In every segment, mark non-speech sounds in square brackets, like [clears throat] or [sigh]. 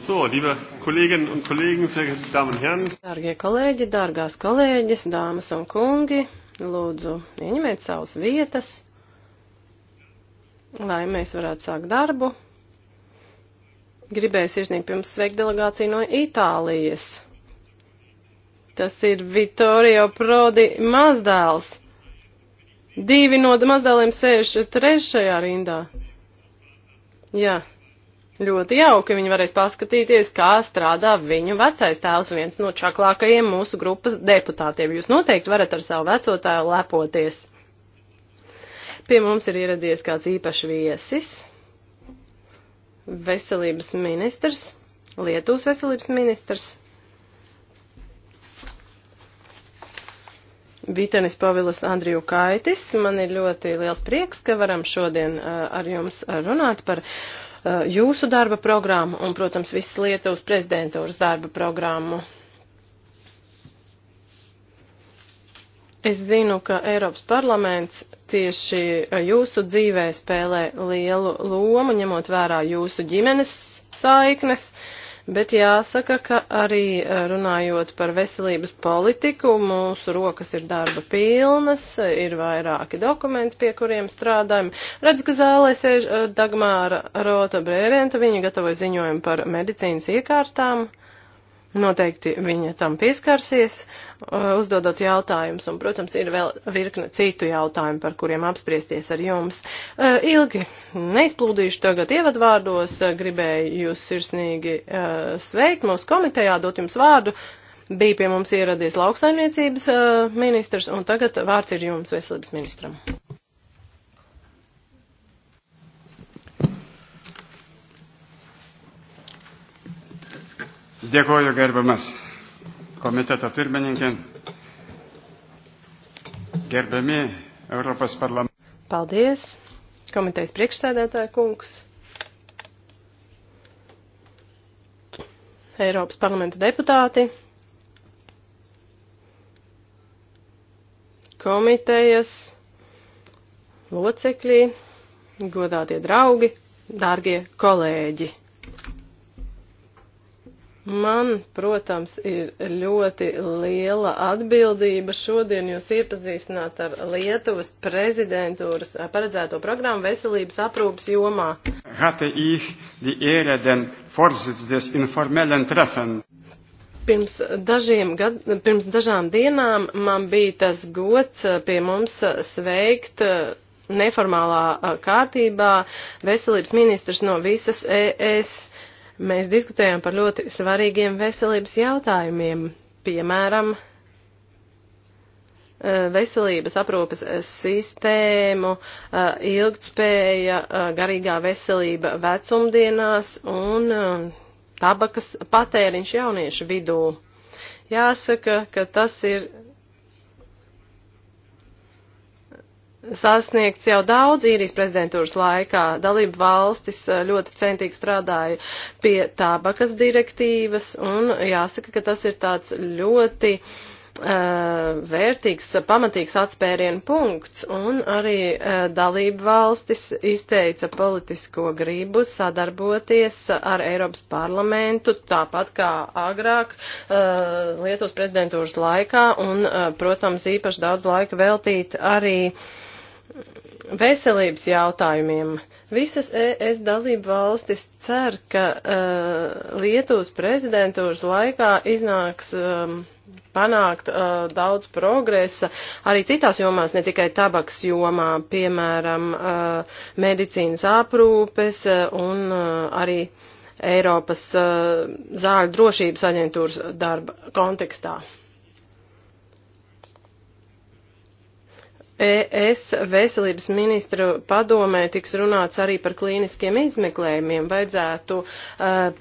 So, liebe Kolleginnen un Kollegen, sehr geehrte Damen un Herren. Dārgie kolēģi, dārgās kolēģis, dāmas un kungi, lūdzu, ieņemiet savas vietas, lai mēs varētu sākt darbu. Gribēju sirsnīgi pirms sveikt delegāciju no Itālijas. Tas ir Vittorio Prodi mazdēls. Divi no mazdēliem sēž trešajā rindā. Jā. Yeah. Ļoti jauki viņi varēs paskatīties, kā strādā viņu vecais tēvs, viens no čaklākajiem mūsu grupas deputātiem. Jūs noteikti varat ar savu vecotāju lepoties. Pie mums ir ieradies kāds īpašs viesis, veselības ministrs, Lietuvas veselības ministrs. Vitenis Pavilas Andriju Kaitis. Man ir ļoti liels prieks, ka varam šodien uh, ar jums runāt par uh, Uh, jūsu darba programmu un, protams, visas Lietuvas prezidentūras darba programmu. Es zinu, ka Eiropas parlaments tieši uh, jūsu dzīvē spēlē lielu lomu, ņemot vērā jūsu ģimenes saiknes. Uh, bet jāsaka, ka arī eh, runājot par veselības politiku, mūsu rokas ir darba pilnas, ir vairāki dokumenti, pie kuriem strādājam. Redz, ka zālē sēž eh, Dagmāra Rota Brērenta, viņa gatavoja ziņojumu par medicīnas iekārtām. Uh, Noteikti viņa tam pieskarsies, uh, uzdodot jautājumus, un, protams, ir vēl virkne citu jautājumu, par kuriem apspriesties ar jums. Uh, ilgi neizplūdīšu tagad ievadvārdos, uh, gribēju jūs sirsnīgi sveikt mūsu komitejā, dot jums vārdu. Bija pie mums ieradies lauksaimniecības ministrs, un tagad vārds ir jums, veselības ministram. Dėkoju gerbiamas komiteto pirmininkė, gerbiami Europos parlamento. Paldies, komitejas priekšsēdētāja kungs. Eiropas parlamenta deputāti, komitejas, locekļi, godātie draugi, dārgie kolēģi. Man, protams, ir ļoti liela atbildība šodien jūs iepazīstināt ar Lietuvas prezidentūras paredzēto programmu veselības aprūpas jomā. Pirms, dažiem, gad, pirms dažām dienām man bija tas gods eh, pie mums sveikt eh, neformālā eh, kārtībā veselības ministrs no visas ES Mēs diskutējam par ļoti svarīgiem veselības jautājumiem, piemēram, eh, veselības aprūpas sistēmu, eh, ilgtspēja, eh, garīgā veselība vecumdienās un tabakas patēriņš jauniešu vidū. Jāsaka, ka tas ir sasniegts jau daudz īrijas prezidentūras laikā. Dalību valstis eh, ļoti centīgi strādāja pie tabakas direktīvas un jāsaka, ka tas ir tāds ļoti uh, vērtīgs, pamatīgs atspērienu punkts, un arī uh, dalību valstis izteica politisko gribu sadarboties ar Eiropas parlamentu, tāpat kā agrāk uh, Lietuvas prezidentūras laikā, un, protams, īpaši daudz laika veltīt arī uh, veselības jautājumiem. Visas ES dalību valstis cer, ka uh, Lietuvas prezidentūras laikā iznāks um, panākt uh, daudz progresa arī citās jomās, ne tikai tabaks jomā, piemēram, uh, medicīnas aprūpes uh, un uh, arī Eiropas uh, zāļu drošības aģentūras darba kontekstā. ES veselības ministru padomē tiks runāts arī par klīniskiem izmeklējumiem. Vajadzētu uh,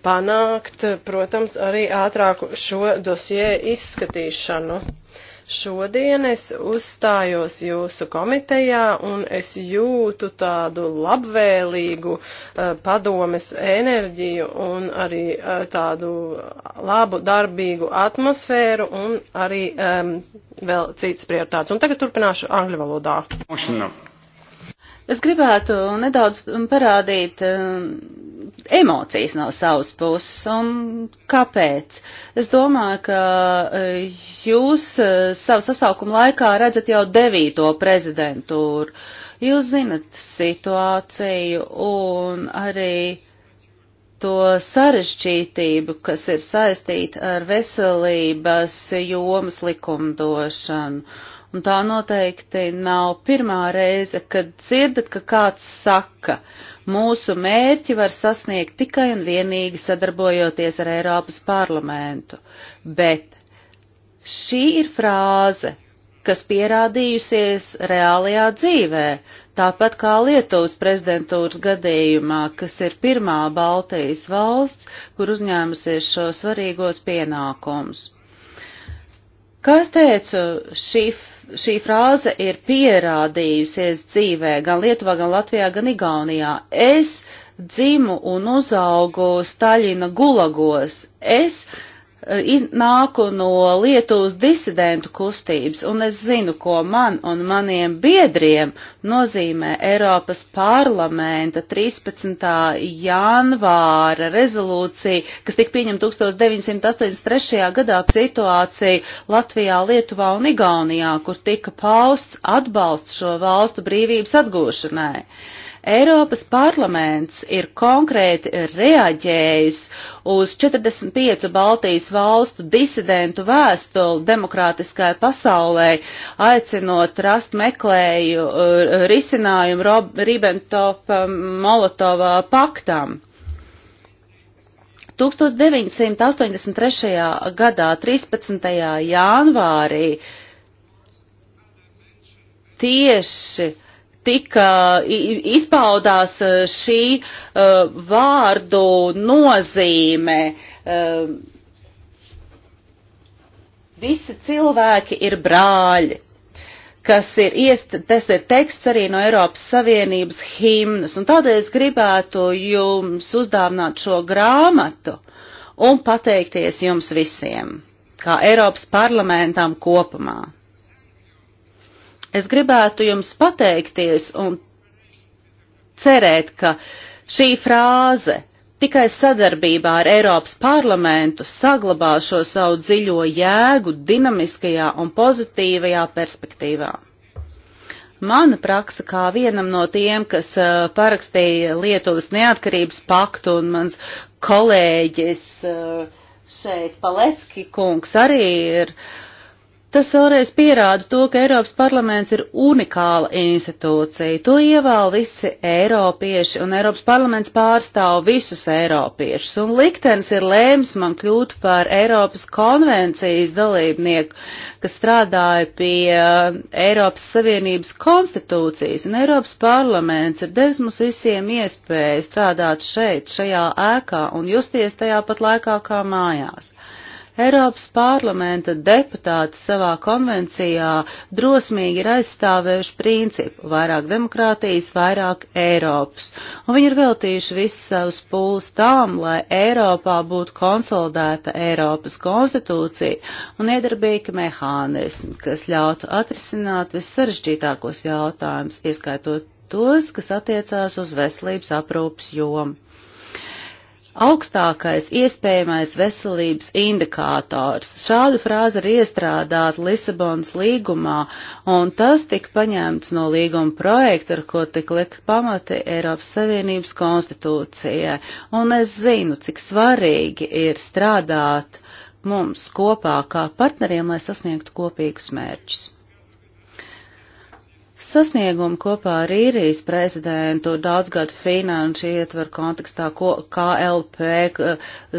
panākt, protams, arī ātrāku šo dosie izskatīšanu. Uh, Šodien es uzstājos jūsu komitejā un es jūtu tādu labvēlīgu uh, padomes enerģiju un arī uh, tādu labu darbīgu atmosfēru un arī um, vēl citas prioritātes. Un tagad turpināšu angļu valodā. Es gribētu nedaudz parādīt. Um, emocijas no savas puses. Un kāpēc? Es domāju, ka eh, jūs eh, savu sasaukumu laikā redzat jau devīto prezidentūru. Jūs zinat situāciju un arī to sarežģītību, kas ir saistīta ar veselības jomas likumdošanu Un tā noteikti nav pirmā reize, kad dzirdat, ka kāds saka, mūsu mērķi var sasniegt tikai un vienīgi sadarbojoties ar Eiropas parlamentu. Bet šī ir frāze, kas pierādījusies reālajā dzīvē, tāpat kā Lietuvas prezidentūras gadījumā, kas ir pirmā Baltijas valsts, kur uzņēmusies šo svarīgos pienākumus. Kā es teicu, šī šī frāze ir pierādījusies dzīvē gan Lietuvā, gan Latvijā, gan Igaunijā. Es dzimu un uzaugu Staļina gulagos. Es iz, nāku no Lietuvas disidentu kustības, un es zinu, ko man un maniem biedriem nozīmē Eiropas parlamenta 13. janvāra rezolūcija, kas tika pieņemta 1983. gadā situāciju Latvijā, Lietuvā un Igaunijā, kur tika pausts atbalsts šo valstu brīvības atgūšanai. Uh, Eiropas parlaments ir konkrēti reaģējis uz 45 Baltijas valstu disidentu vēstuli demokrātiskai pasaulē, aicinot rast meklēju uh, risinājumu Ribbentopa-Molotovā paktam. 1983. gadā 13. janvārī tieši tika izpaudās e, šī uh, vārdu nozīme. Uh, visi cilvēki ir brāļi, kas ir iest, tas ir teksts arī no Eiropas Savienības himnas, un tādēļ es gribētu jums uzdāvināt šo grāmatu un pateikties jums visiem, kā Eiropas parlamentam kopumā. Es gribētu jums pateikties un cerēt, ka šī frāze tikai sadarbībā ar Eiropas parlamentu saglabā šo savu dziļo jēgu dinamiskajā un pozitīvajā perspektīvā. Mana praksa kā vienam no tiem, kas uh, parakstīja Lietuvas neatkarības paktu un mans kolēģis uh, šeit Palecki kungs arī ir uh, Tas vēlreiz pierāda to, ka Eiropas parlaments ir unikāla institūcija. To ievēl visi eiropieši, un Eiropas parlaments pārstāv visus eiropiešus. Un liktenis ir lēms man kļūt par Eiropas konvencijas dalībnieku, kas strādāja pie Eiropas Savienības konstitūcijas, un Eiropas parlaments ir devis mums visiem iespēju strādāt šeit, šajā ēkā, un justies tajā pat laikā kā mājās. Eiropas parlamenta deputāti savā konvencijā drosmīgi ir aizstāvējuši principu vairāk demokrātijas, vairāk Eiropas. Un viņi ir veltījuši visus savus pūles tām, lai Eiropā būtu konsolidēta Eiropas konstitūcija un iedarbīga mehānismi, kas ļautu atrisināt vissaržģītākos jautājumus, ieskaitot tos, kas attiecās uz veselības aprūpas jomu augstākais iespējamais veselības indikātors. Šādu frāzi ir iestrādāta Lisabonas līgumā, un tas tika paņemts no līguma projekta, ar ko tika likt pamati Eiropas Savienības konstitūcijai. Un es zinu, cik svarīgi ir strādāt mums kopā kā partneriem, lai sasniegtu kopīgus mērķus. Sasniegumu kopā ar īrijas prezidentu daudzgadu finanšu ietver kontekstā KLP,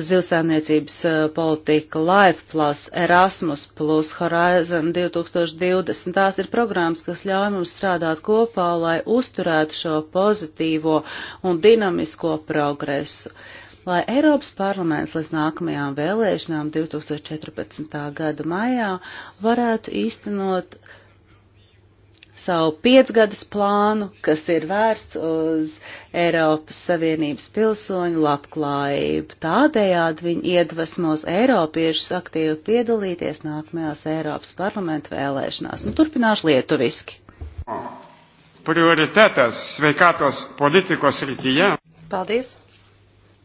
zivsēmniecības eh, politika, Life Plus, Erasmus Plus, Horizon 2020. Tās ir programmas, kas ļauj mums strādāt kopā, lai uzturētu šo pozitīvo un dinamisko progresu. Lai Eiropas parlaments līdz nākamajām vēlēšanām 2014. gada maijā varētu īstenot savu piecgadas plānu, kas ir vērsts uz Eiropas Savienības pilsoņu labklājību. Tādējādi viņi iedvesmos Eiropiešus aktīvi piedalīties nākamajās Eiropas parlamentu vēlēšanās. Un nu, turpināšu lietuviski. Prioritetas sveikātos politikos rītījā. Paldies!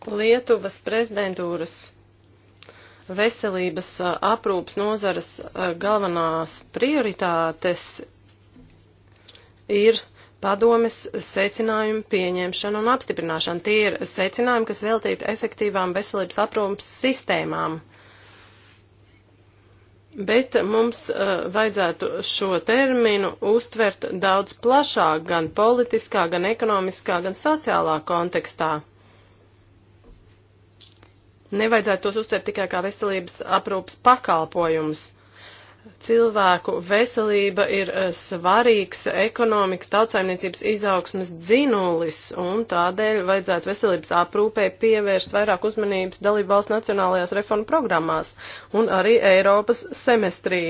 Lietuvas prezidentūras veselības aprūpas nozares galvenās prioritātes ir padomes secinājumu pieņemšana un apstiprināšana. Tie ir secinājumi, kas veltīti efektīvām veselības aprūpas sistēmām. Bet mums uh, vajadzētu šo terminu uztvert daudz plašāk, gan politiskā, gan ekonomiskā, gan sociālā kontekstā. Nevajadzētu tos uztvert tikai kā veselības aprūpas pakalpojumus cilvēku veselība ir eh, svarīgs ekonomikas tautsaimniecības izaugsmas dzinulis, un tādēļ vajadzētu veselības aprūpē pievērst vairāk uzmanības dalību valsts nacionālajās reformu programmās un arī Eiropas semestrī.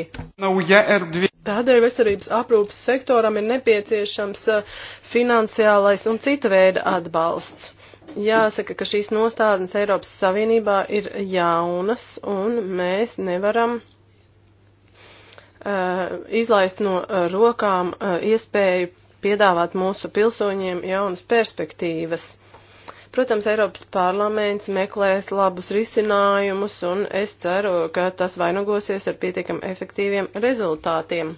Nav nu, jērdvi. Tādēļ veselības aprūpas sektoram ir nepieciešams eh, finansiālais un cita veida atbalsts. Jāsaka, ka šīs nostādnes Eiropas Savienībā ir jaunas, un mēs nevaram Eh, izlaist no eh, rokām eh, iespēju piedāvāt mūsu pilsoņiem jaunas perspektīvas. Protams, Eiropas parlaments meklēs labus risinājumus, un es ceru, ka tas vainagosies ar pietiekam efektīviem rezultātiem.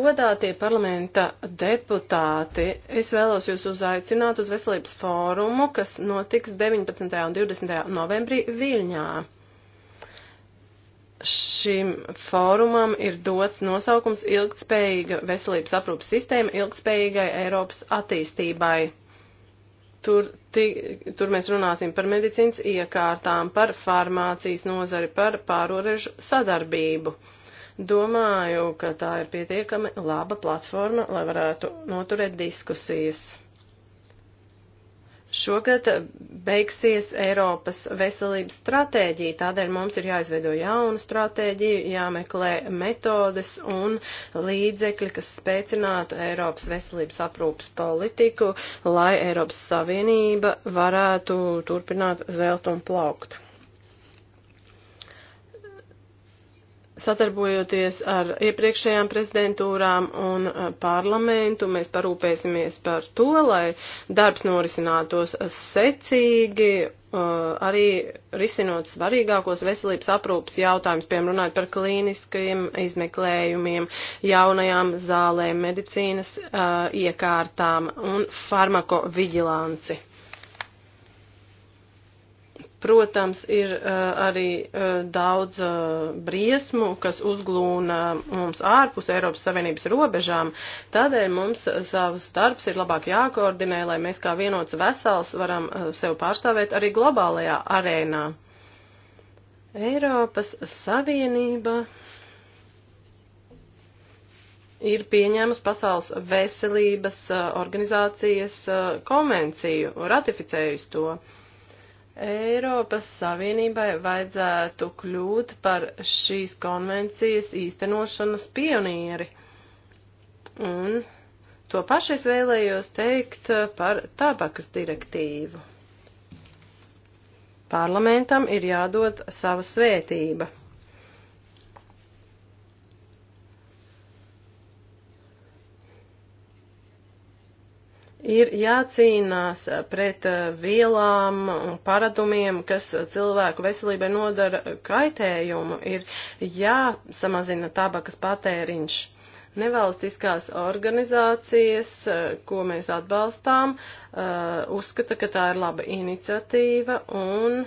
Godātie parlamenta deputāti, es vēlos jūs uzaicināt uz veselības fórumu, kas notiks 19. un 20. novembrī Viļņā šim fórumam ir dots nosaukums ilgtspējīga veselības aprūpas sistēma ilgtspējīgai Eiropas attīstībai. Tur, ti, tur mēs runāsim par medicīnas iekārtām, par farmācijas nozari, par pārorežu sadarbību. Domāju, ka tā ir pietiekami laba platforma, lai varētu noturēt diskusijas. Šogad beigsies Eiropas veselības stratēģija, tādēļ mums ir jāizveido jaunu stratēģiju, jāmeklē metodes un līdzekļi, kas spēcinātu Eiropas veselības aprūpas politiku, lai Eiropas Savienība varētu turpināt zelt un plaukt. Sadarbojoties ar iepriekšējām prezidentūrām un eh, parlamentu, mēs parūpēsimies par to, lai darbs norisinātos secīgi, eh, arī risinot svarīgākos veselības aprūpas jautājumus, piemēram, runājot par klīniskajiem izmeklējumiem, jaunajām zālēm, medicīnas eh, iekārtām un farmakoviģilanci. Protams, ir uh, arī uh, daudz uh, briesmu, kas uzglūna mums ārpus Eiropas Savienības robežām. Tādēļ mums savs darbs ir labāk jākoordinē, lai mēs kā vienots vesels varam uh, sev pārstāvēt arī globālajā arēnā. Eiropas Savienība ir pieņēmusi Pasaules veselības organizācijas konvenciju, ratificējusi to. Uh, Eiropas Savienībai vajadzētu kļūt par šīs konvencijas īstenošanas pionieri. Un to pašu es vēlējos teikt par tabakas direktīvu. Parlamentam ir jādod sava svētība. ir jācīnās pret eh, vielām un paradumiem, kas cilvēku veselībai nodara kaitējumu, ir jāsamazina tabakas patēriņš. Nevalstiskās organizācijas, eh, ko mēs atbalstām, eh, uzskata, ka tā ir laba iniciatīva un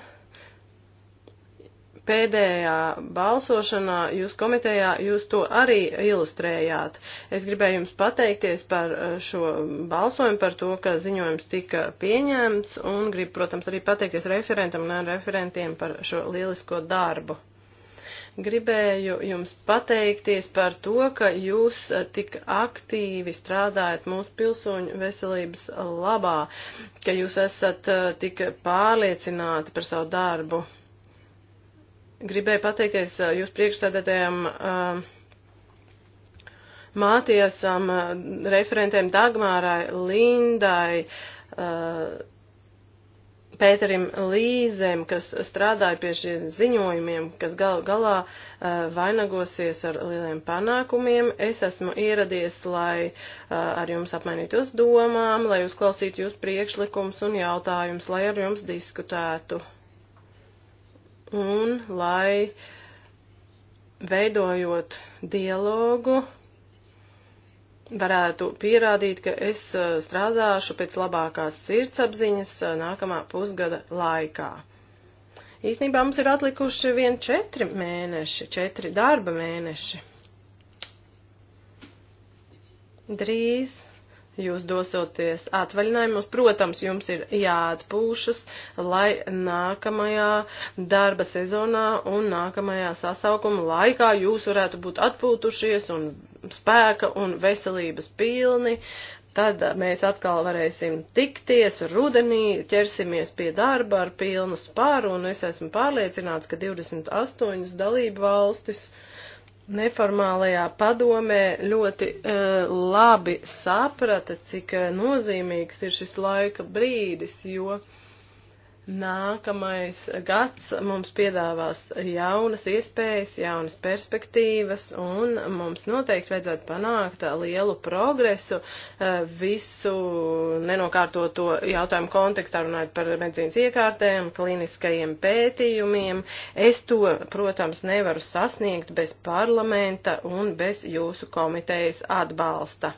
pēdējā balsošanā jūs komitejā jūs to arī ilustrējāt. Es gribēju jums pateikties par eh, šo balsojumu, par to, ka ziņojums tika pieņemts un gribu, protams, arī pateikties referentam un referentiem par šo lielisko darbu. Gribēju jums pateikties par to, ka jūs eh, tik aktīvi strādājat mūsu pilsoņu veselības labā, ka jūs esat eh, tik pārliecināti par savu darbu. Gribēju pateikties jūs priekšsēdētājiem uh, Mātiesam, uh, referentiem Dagmārai, Lindai, uh, Pēterim Līzēm, kas strādāja pie šiem ziņojumiem, kas gal, galā uh, vainagosies ar lieliem panākumiem. Es esmu ieradies, lai uh, ar jums apmainītos domām, lai uzklausītu jūs priekšlikums un jautājums, lai ar jums diskutētu un lai veidojot dialogu varētu pierādīt, ka es uh, strādāšu pēc labākās sirdsapziņas uh, nākamā pusgada laikā. Īsnībā mums ir atlikuši vien četri mēneši, četri darba mēneši. Drīz jūs dosoties atvaļinājumos. Protams, jums ir jāatpūšas, lai nākamajā darba sezonā un nākamajā sasaukuma laikā jūs varētu būt atpūtušies un spēka un veselības pilni. Tad mēs atkal varēsim tikties rudenī, ķersimies pie darba ar pilnu spāru, un es esmu pārliecināts, ka 28 dalību valstis uh, neformālajā padomē ļoti uh, labi saprata, cik e, nozīmīgs ir šis laika brīdis, jo uh, Nākamais gads mums piedāvās jaunas iespējas, jaunas perspektīvas, un mums noteikti vajadzētu panākt lielu progresu eh, visu nenokārtoto jautājumu kontekstā, runājot par medicīnas iekārtēm, kliniskajiem pētījumiem. Es to, protams, nevaru sasniegt bez parlamenta un bez jūsu komitejas atbalsta.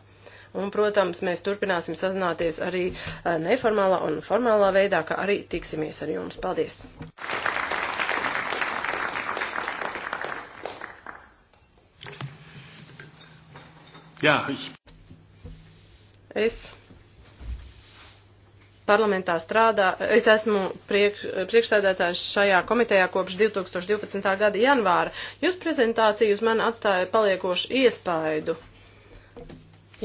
Un, protams, mēs turpināsim sazināties arī eh, neformālā un formālā veidā, ka arī tiksimies ar jums. Paldies! Jā, es parlamentā strādā, es esmu priekš, priekšsēdētājs šajā komitejā kopš 2012. gada janvāra. Jūsu prezentācija uz mani atstāja paliekošu iespaidu.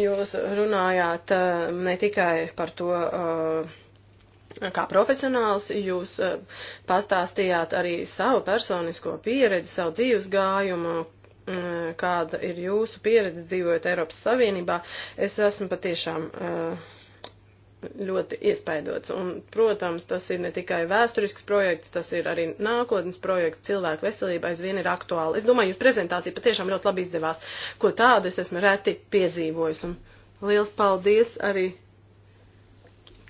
Jūs runājāt uh, ne tikai par to, uh, kā profesionāls, jūs uh, pastāstījāt arī savu personisko pieredzi, savu dzīves gājumu, kāda ir jūsu pieredze dzīvojot Eiropas Savienībā. Es esmu patiešām uh, ļoti iespaidots. Un, protams, tas ir ne tikai vēsturisks projekts, tas ir arī nākotnes projekts, cilvēku veselība aizvien ir aktuāla. Es domāju, jūsu prezentācija patiešām ļoti labi izdevās, ko tādu es esmu reti piedzīvojis. Un liels paldies arī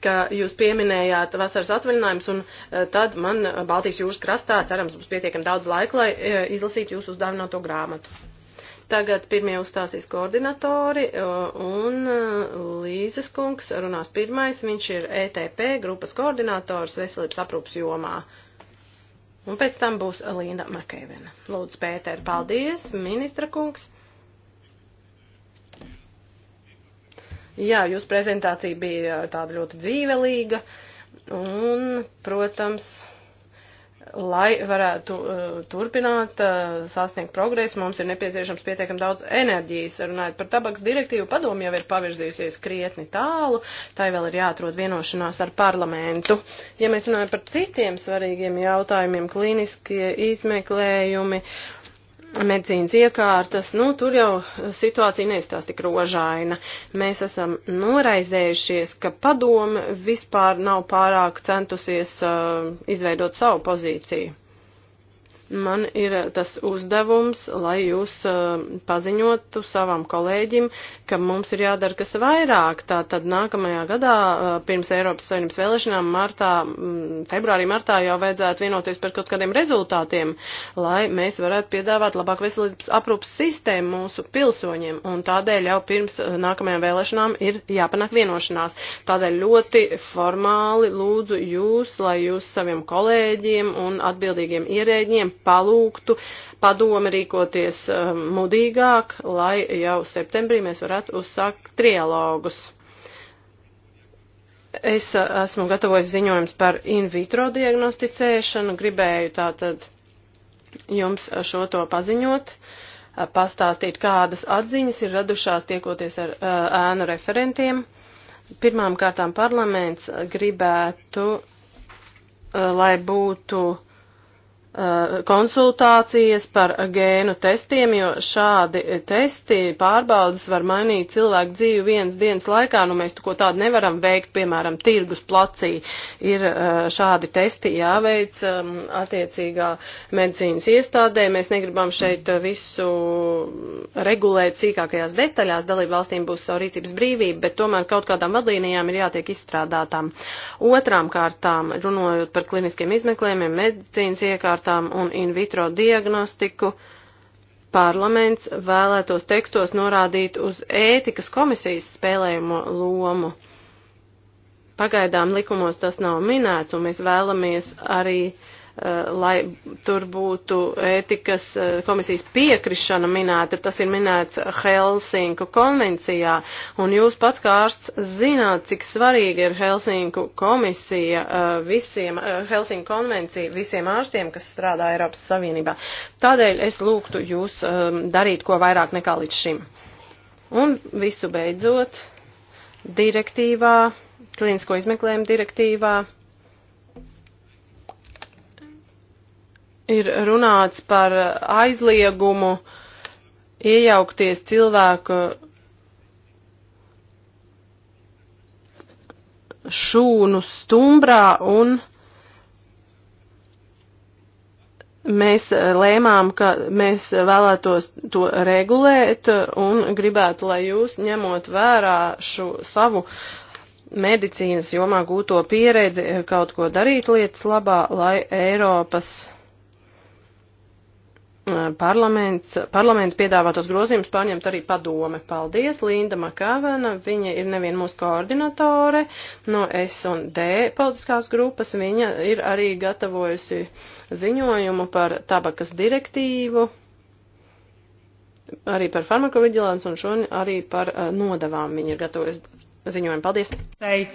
ka jūs pieminējāt vasaras atvaļinājums, un eh, tad man Baltijas jūras krastā, cerams, būs pietiekami daudz laika, lai eh, izlasītu jūsu uzdāvināto grāmatu. Tagad pirmie uzstāsīs koordinatori, un e, Līzes kungs runās pirmais, viņš ir ETP grupas koordinators veselības aprūpas jomā. Un pēc tam būs Linda Makaivena. Lūdzu, Pēter, paldies, ministra kungs. Jā, jūsu prezentācija bija tāda ļoti dzīvelīga, un, protams, lai varētu uh, turpināt uh, sasniegt progresu, mums ir nepieciešams pietiekam daudz enerģijas. Runājot par tabaks direktīvu, padomu jau ir pavirzījusies krietni tālu, tai vēl ir jāatrod vienošanās ar parlamentu. Ja mēs runājam par citiem svarīgiem jautājumiem, klīniskie izmeklējumi, uh, medicīnas iekārtas, nu, tur jau situācija neizstās tik rožaina. Mēs esam noraizējušies, ka padome vispār nav pārāk centusies uh, izveidot savu pozīciju man ir eh, tas uzdevums, lai jūs uh, paziņotu savam kolēģim, ka mums ir jādara kas vairāk. Tā tad nākamajā gadā, uh, pirms Eiropas Savienības vēlēšanām, martā, mm, februārī, martā jau vajadzētu vienoties par kaut kādiem rezultātiem, lai mēs varētu piedāvāt labāk veselības aprūpas sistēmu mūsu pilsoņiem. Un tādēļ jau pirms uh, nākamajām vēlēšanām ir jāpanāk vienošanās. Tādēļ ļoti formāli lūdzu jūs, lai jūs saviem kolēģiem un atbildīgiem ierēģiem palūgtu padomi rīkoties um, mudīgāk, lai jau septembrī mēs varētu uzsākt trialogus. Es uh, esmu gatavojis ziņojums par in vitro diagnosticēšanu, gribēju tātad jums šo to paziņot, uh, pastāstīt, kādas atziņas ir radušās tiekoties ar uh, ēnu referentiem. Pirmām kārtām parlaments gribētu, lai būtu uh, Uh, konsultācijas par gēnu testiem, jo šādi testi pārbaudas var mainīt cilvēku dzīvi vienas dienas laikā, nu mēs ko tādu nevaram veikt, piemēram, tirgus placī ir uh, šādi testi jāveic um, attiecīgā medicīnas iestādē, mēs negribam šeit uh, visu regulēt sīkākajās detaļās, dalību valstīm būs savu rīcības brīvību, bet tomēr kaut kādām vadlīnijām ir jātiek izstrādātām. Otrām kārtām, runājot par kliniskiem izmeklējumiem, medicīnas iekārtām, iekārtām un in vitro diagnostiku, parlaments vēlētos tekstos norādīt uz ētikas komisijas spēlējumu lomu. Pagaidām likumos tas nav minēts, un mēs vēlamies arī uh, Eh, lai tur būtu ētikas eh, komisijas piekrišana minēta, tas ir minēts Helsinku konvencijā, un jūs pats kārsts zināt, cik svarīga ir Helsinku komisija eh, visiem, Helsinku konvencija visiem ārstiem, kas strādā Eiropas Savienībā. Tādēļ es lūgtu jūs darīt ko vairāk nekā līdz šim. Un visu beidzot, direktīvā, klīnisko izmeklējumu direktīvā ir runāts par aizliegumu iejaukties cilvēku šūnu stumbrā un mēs lēmām, ka mēs vēlētos to regulēt un gribētu, lai jūs ņemot vērā šo savu medicīnas jomā gūto pieredzi kaut ko darīt lietas labā, lai Eiropas parlaments, parlamenta piedāvātos grozījumus pārņemt arī padome. Paldies, Linda Makavena, viņa ir nevien mūsu koordinatore no S un D politiskās grupas, viņa ir arī gatavojusi ziņojumu par tabakas direktīvu, arī par farmakovigilants un šodien arī par eh, nodavām viņa ir gatavojusi ziņojumu. Paldies! Hey.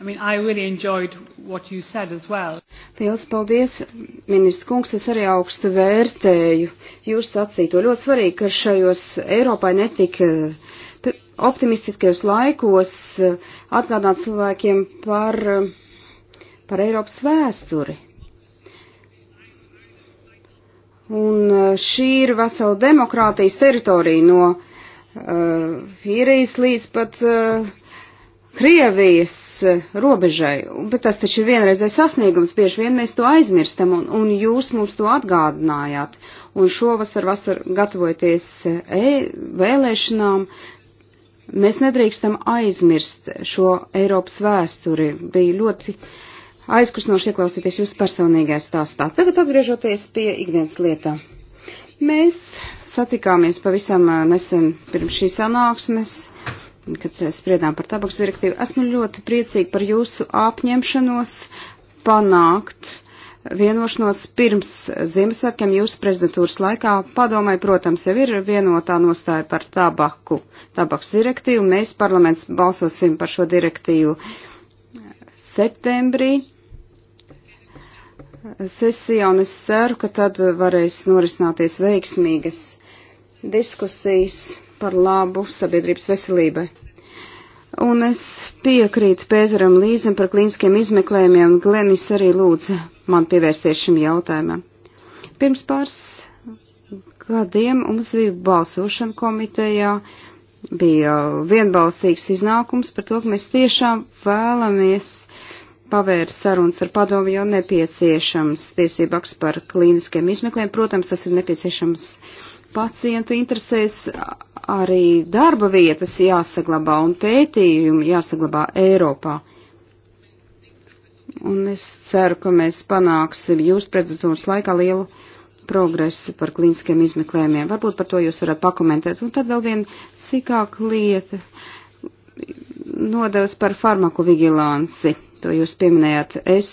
I mean, I really enjoyed what you said as well. Liels paldies, ministrs kungs, es arī augstu vērtēju jūs sacīto. Ļoti svarīgi, ka šajos Eiropai netika eh, optimistiskajos laikos eh, atgādāt cilvēkiem par, eh, par Eiropas vēsturi. Un šī ir vesela demokrātijas teritorija no uh, Fīrijas līdz pat uh, Krievijas e, robežai, bet tas taču ir vienreizai sasniegums, bieži vien mēs to aizmirstam, un, un jūs mums to atgādinājāt. Un šovasar vasar gatavoties e vēlēšanām, mēs nedrīkstam aizmirst šo Eiropas vēsturi. Bija ļoti aizkustinoši ieklausīties jūsu personīgajā stāstā. Tagad atgriežoties pie ikdienas lietām. Mēs satikāmies pavisam e, nesen pirms šīs sanāksmes kad spriedām par tabaks direktīvu. Esmu ļoti priecīgi par jūsu apņemšanos panākt vienošanos pirms Ziemassvētkiem jūsu prezidentūras laikā. Padomai, protams, jau ir vienotā nostāja par tabaku, tabaks direktīvu. Mēs parlaments balsosim par šo direktīvu septembrī sesijā, un es ceru, ka tad varēs norisināties veiksmīgas diskusijas par labu sabiedrības veselībai. Un es piekrītu Pēteram Līzem par klīniskiem izmeklējumiem, un Glenis arī lūdza man pievērsties šim jautājumam. Pirms pāris gadiem mums bija balsošana komitejā, bija vienbalsīgs iznākums par to, ka mēs tiešām vēlamies pavērt sarunas ar padomu, jo nepieciešams tiesībaks par klīniskiem izmeklējumiem. Protams, tas ir nepieciešams uh, pacientu interesēs arī darba vietas jāsaglabā un pētījumi jāsaglabā Eiropā. Un es ceru, ka mēs panāksim jūsu prezentūras laikā lielu progresu par klīniskiem izmeklējumiem. Varbūt par to jūs varat pakomentēt. Un tad vēl viena sīkāka lieta nodevas par farmakovigilanci. To jūs pieminējāt. Es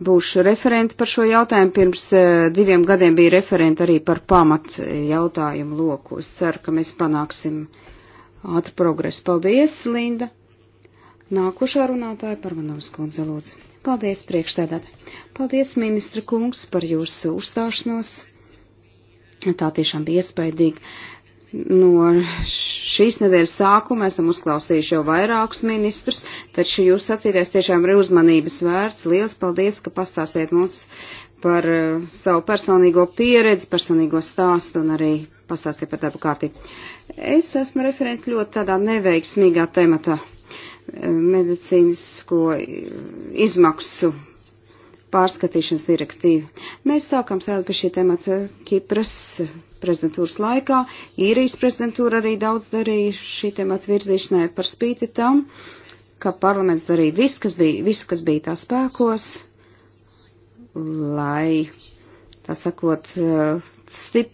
būšu referenti par šo jautājumu. Pirms e, diviem gadiem bija referenti arī par pamat e, jautājumu loku. Es ceru, ka mēs panāksim ātru progresu. Paldies, Linda! Nākošā runātāja par manovas kundze lūdzu. Paldies, priekšstādātāji! Paldies, ministra kungs, par jūsu uzstāšanos. Tā tiešām bija iespaidīga. No šīs nedēļas sākuma esam uzklausījuši jau vairākus ministrus, taču jūs sacīties tiešām ir uzmanības vērts. Liels paldies, ka pastāstiet mums par uh, savu personīgo pieredzi, personīgo stāstu un arī pastāstiet par darbu kārtību. Es esmu referenti ļoti tādā neveiksmīgā tematā eh, medicīnisko izmaksu pārskatīšanas direktīvu. Mēs sākam strādāt pie šī temata Kipras prezidentūras laikā. Īrijas prezidentūra arī daudz darīja šī temata virzīšanai par spīti tam, ka parlaments darīja visu, kas bija, visu, kas bija tā spēkos, lai, tā sakot, stip,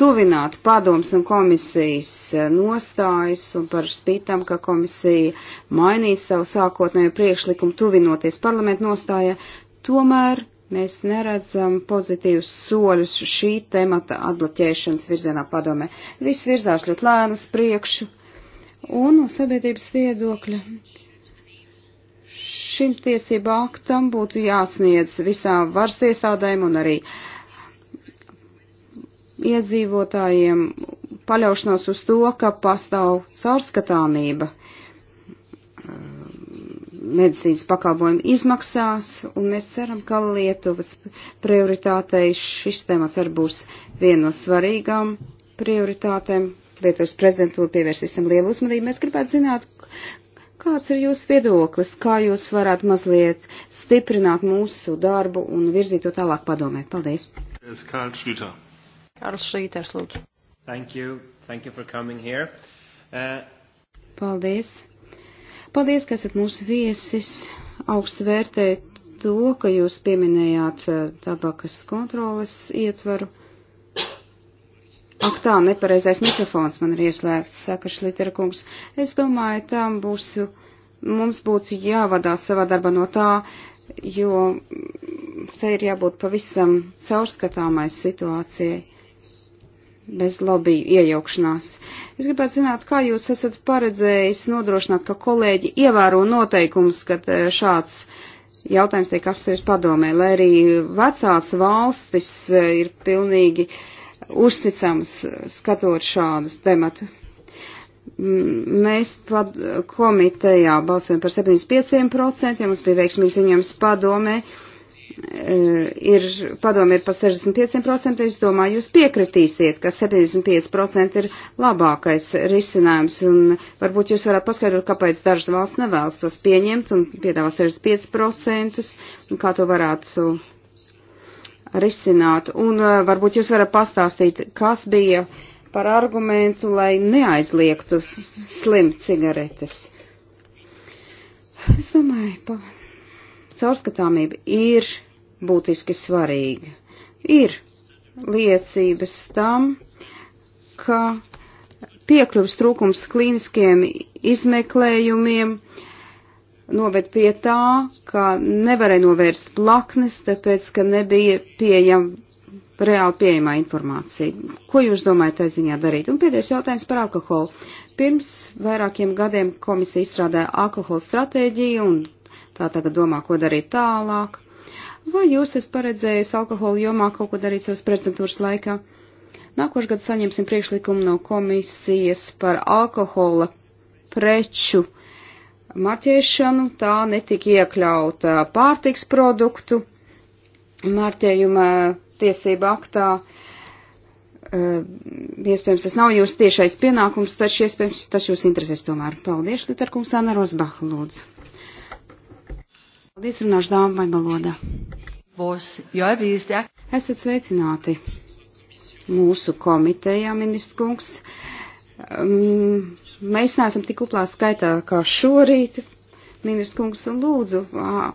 tuvināt padoms un komisijas nostājas un par spītam, ka komisija mainīs savu sākotnējo priekšlikumu tuvinoties parlamentu nostājai, tomēr Mēs neredzam pozitīvus soļus šī temata atbloķēšanas virzienā padomē. Viss virzās ļoti lēnas priekšu un no sabiedrības viedokļa. Šim tiesību aktam būtu jāsniedz visām varas iestādēm un arī iedzīvotājiem paļaušanos uz to, ka pastāv caurskatāmība medicīnas pakalpojumu izmaksās, un mēs ceram, ka Lietuvas prioritātei šis temats arī būs viena no svarīgām prioritātēm. Lietuvas prezidentūra pievērsīsim lielu uzmanību. Mēs gribētu zināt, kāds ir jūsu viedoklis, kā jūs varētu mazliet stiprināt mūsu darbu un virzīt to tālāk padomē. Paldies. Kārls Šlīters. Kārls Šlīters, lūdzu. Thank you. Thank you for coming here. Uh... Paldies Paldies, ka esat mūsu viesis. Augstu vērtēt to, ka jūs pieminējāt eh, tabakas kontroles ietvaru. Ak tā, nepareizais mikrofons man ir ieslēgts, saka Šliterkungs. Es domāju, tam būs, mums būtu jāvadās savā darba no tā, jo te ir jābūt pavisam caurskatāmai situācijai bez lobiju iejaukšanās. Es gribētu zināt, kā jūs esat paredzējis nodrošināt, ka kolēģi ievēro noteikumus, kad eh, šāds jautājums tiek apspriests padomē, lai arī vecās valstis eh, ir pilnīgi uzticams skatot šādus tematu. Mm, mēs pad, komitejā balsojam par 75%, ja mums bija veiksmīgs ziņojums padomē ir, padomi ir pa 65%, es domāju, jūs piekritīsiet, ka 75% ir labākais risinājums, un varbūt jūs varētu paskaidrot, kāpēc dažas valsts nevēlas tos pieņemt un piedāvā 65%, un kā to varētu risināt. Un eh, varbūt jūs varat pastāstīt, kas bija par argumentu, lai neaizliegtu slim cigaretes. Es domāju, pa caurskatāmība ir būtiski svarīga. Ir liecības tam, ka piekļuvs trūkums klīniskiem izmeklējumiem noved pie tā, ka nevarēja novērst plaknes, tāpēc, ka nebija pieejama reāli pieejamā informācija. Ko jūs domājat tā ziņā darīt? Un pēdējais jautājums par alkoholu. Pirms vairākiem gadiem komisija izstrādāja alkohola stratēģiju un tā tagad domā, ko darīt tālāk. Vai jūs esat paredzējis alkohola jomā kaut ko darīt savas prezentūras laikā? Nākošajā gadā saņemsim priekšlikumu no komisijas par alkohola preču marķēšanu. Tā netika iekļauta pārtiks produktu marķējuma tiesība aktā. Uh, iespējams, tas nav jūsu tiešais pienākums, taču iespējams, tas jūs interesēs tomēr. Paldies, Litarkums Anna Rosbaha, lūdzu. Paldies, runāšu dāmai valoda. Esat sveicināti mūsu komitejā, ministrs kungs. Um, mēs neesam tik uplā skaitā kā šorīt, ministrs kungs, un lūdzu, ā,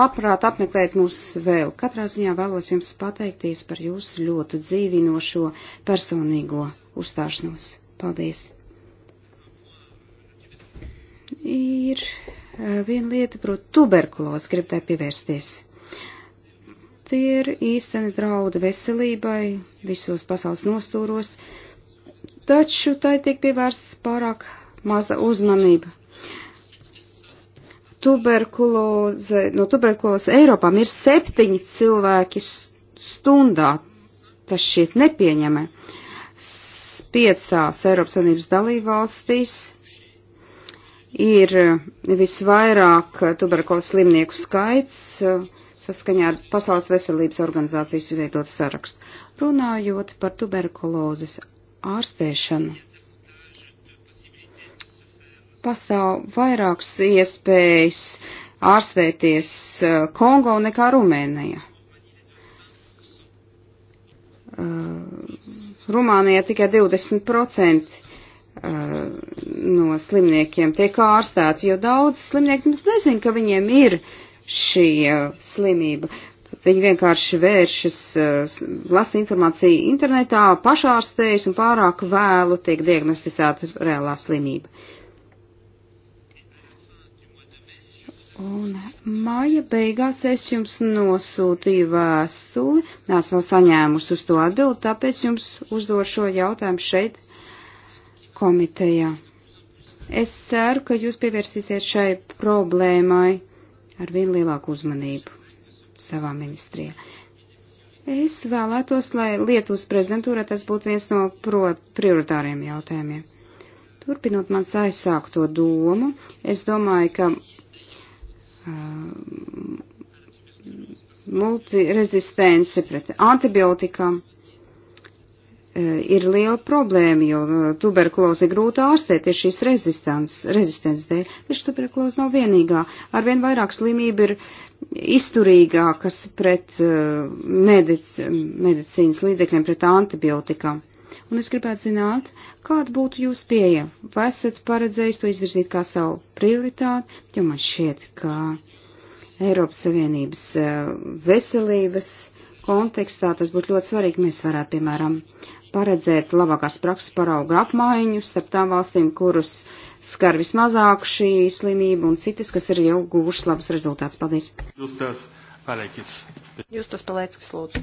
labprāt apmeklēt mūs vēl. Katrā ziņā vēlos jums pateikties par jūsu ļoti dzīvinošo personīgo uzstāšanos. Paldies! Ir Eh, viena lieta, proti, tuberkulozi grib tai pievērsties. Tie ir īsteni draudi veselībai visos pasaules nostūros, taču tai tiek pievērsts pārāk maza uzmanība. Tuberkuloze, no tuberkulozes Eiropā ir septiņi cilvēki stundā. Tas šķiet nepieņemē. Piecās Eiropas Savienības dalībvalstīs ir visvairāk tuberkulos slimnieku skaits eh, saskaņā ar Pasaules veselības organizācijas izveidotu sarakstu. Runājot par tuberkulozes ārstēšanu, pastāv vairākas iespējas ārstēties eh, Kongo nekā Rumēnijā. Eh, Rumānijā tikai 20% Uh, no slimniekiem tiek ārstēti, jo daudz slimnieki mums nezin, ka viņiem ir šī uh, slimība. Viņi vienkārši vēršas, uh, lasa informāciju internetā, pašārstējas un pārāk vēlu tiek diagnosticēta reālā slimība. Un māja beigās es jums nosūtīju vēstuli, nāc vēl saņēmus uz to atbildi, tāpēc jums uzdošu šo jautājumu šeit komitejā. Es ceru, ka jūs pievērsīsiet šai problēmai ar vien lielāku uzmanību savā ministrijā. Es vēlētos, lai Lietuvas prezidentūra tas būtu viens no prioritāriem jautājumiem. Turpinot mans aizsākto domu, es domāju, ka uh, multirezistence pret antibiotikām E, ir liela problēma, jo e, tuberkulozi ir grūti ārstēt tieši šīs rezistences dēļ. Taču tuberkulozi nav vienīgā. Arvien vairāk slimība ir izturīgākas pret e, medic, medicīnas līdzekļiem, pret antibiotikām. Un es gribētu zināt, kāda būtu jūsu pieeja? Vai esat paredzējis to izvirzīt kā savu prioritāti? Jo man šķiet, ka Eiropas Savienības veselības kontekstā tas būtu ļoti svarīgi. Mēs varētu, piemēram, uh, paredzēt labākās prakses parauga apmaiņu starp tām valstīm, kurus skar vismazāk šī slimība un citas, kas ir jau guvušas labas rezultātus. Paldies! Jūs tas palēkis. Jūs tas palēkis, lūdzu.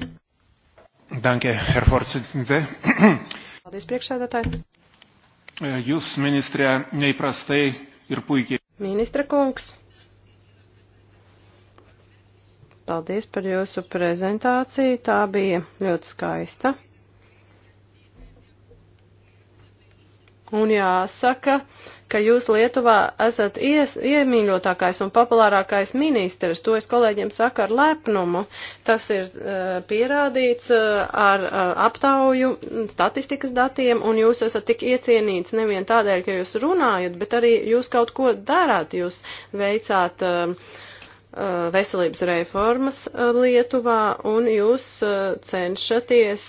Danke, Herr Vorsitzende. [clears throat] Paldies, priekšsēdētāji. Jūs, ministrē, neįprastai ir puikiai. Ministra kungs, paldies par jūsu prezentāciju. Tā bija ļoti skaista. Un jāsaka, ka jūs Lietuvā esat ies, iemīļotākais un populārākais ministrs. To es kolēģiem saku ar lepnumu. Tas ir uh, pierādīts uh, ar uh, aptauju statistikas datiem, un jūs esat tik iecienīts nevien tādēļ, ka jūs runājat, bet arī jūs kaut ko darāt, jūs veicāt. Uh, Uh, veselības reformas uh, Lietuvā, un jūs uh, cenšaties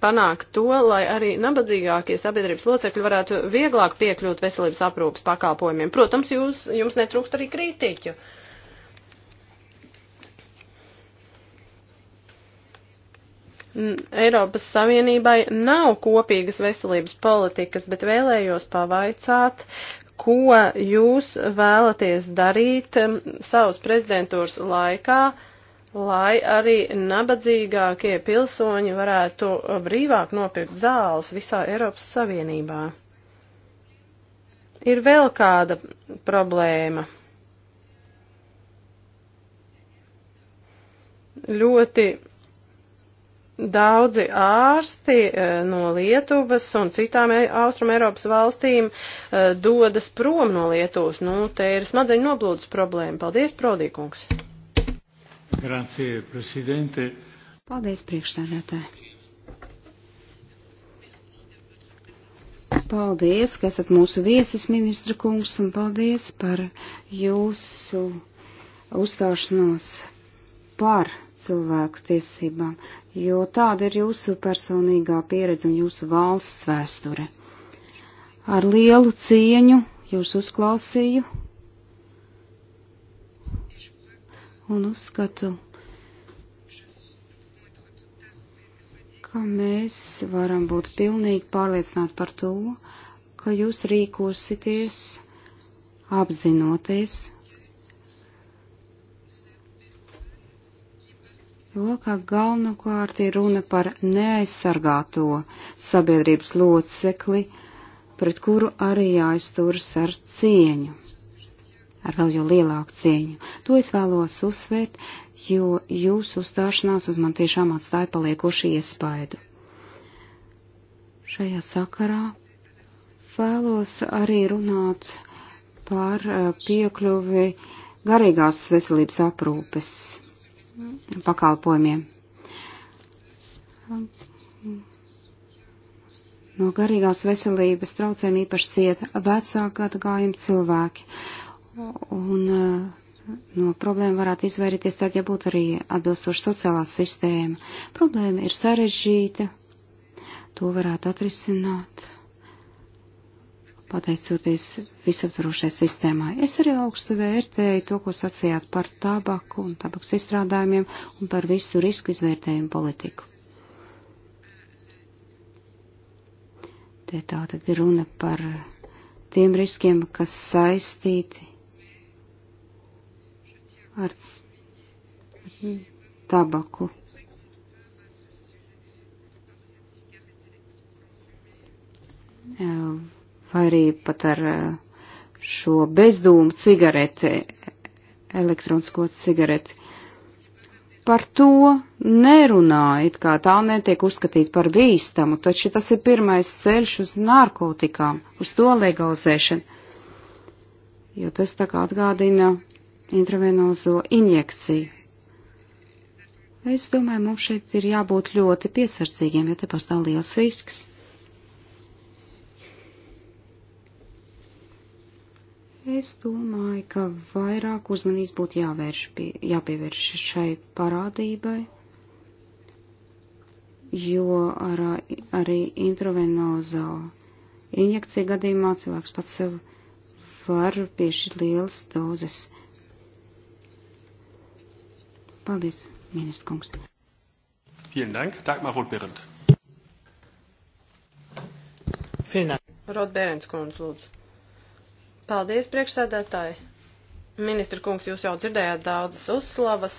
panākt to, lai arī nabadzīgākie sabiedrības locekļi varētu vieglāk piekļūt veselības aprūpas pakalpojumiem. Protams, jūs, jums netrūkst arī kritiķu. Eiropas Savienībai nav kopīgas veselības politikas, bet vēlējos pavaicāt, ko jūs vēlaties darīt um, savas prezidentūras laikā, lai arī nabadzīgākie pilsoņi varētu uh, brīvāk nopirkt zāles visā Eiropas Savienībā. Ir vēl kāda problēma. Ļoti Daudzi ārsti eh, no Lietuvas un citām e- Austrum Eiropas valstīm eh, dodas prom no Lietuvas. Nu, te ir smadzeņu noblūdes problēma. Paldies, Prodīkungs. Grazie, prezidente. Paldies, priekšsēdētāji. Paldies, ka esat mūsu viesis, ministra kungs, un paldies par jūsu uzstāšanos par cilvēku tiesībām, jo tāda ir jūsu personīgā pieredze un jūsu valsts vēsture. Ar lielu cieņu jūs uzklausīju un uzskatu, ka mēs varam būt pilnīgi pārliecināti par to, ka jūs rīkosities apzinoties to, ka galvenokārt ir runa par neaizsargāto sabiedrības locekli, pret kuru arī jāizturas ar cieņu, ar vēl jau lielāku cieņu. To es vēlos uzsvērt, jo jūsu uzstāšanās uz man tiešām atstāja paliekošu iespaidu. Šajā sakarā vēlos arī runāt par eh, piekļuvi garīgās veselības aprūpes pakalpojumiem. No garīgās veselības traucēm īpaši cieta vecāka atgājuma cilvēki. Un eh, no problēma varētu izvairīties tad, ja būtu arī atbilstoša sociālā sistēma. Problēma ir sarežģīta, to varētu atrisināt pateicoties visaptvarošai sistēmai. Es arī augstu vērtēju to, ko sacījāt par tabaku un tabaks izstrādājumiem un par visu risku izvērtējumu politiku. Te tā tad ir runa par tiem riskiem, kas saistīti ar tabaku. Um, vai arī pat ar eh, šo bezdūmu cigareti, elektronisko cigareti. Par to nerunājiet, kā tā netiek uzskatīta par bīstamu, taču tas ir pirmais ceļš uz narkotikām, uz to legalizēšanu jo tas tā kā atgādina intravenozo injekciju. Es domāju, mums šeit ir jābūt ļoti piesardzīgiem, jo te pastāv liels risks. Es domāju, ka vairāk uzmanības būtu jāvērš pie, jāpievērš šai parādībai, jo ar, arī intravenozā injekcija gadījumā cilvēks pats sev var piešķirt lielas dozes. Paldies, ministrs kungs. Vielen Dank, Dagmar Rotberend. Vielen Dank. Rotberends kundz, lūdzu. Paldies, priekšsēdētāji. Ministra kungs, jūs jau dzirdējāt daudzas uzslavas.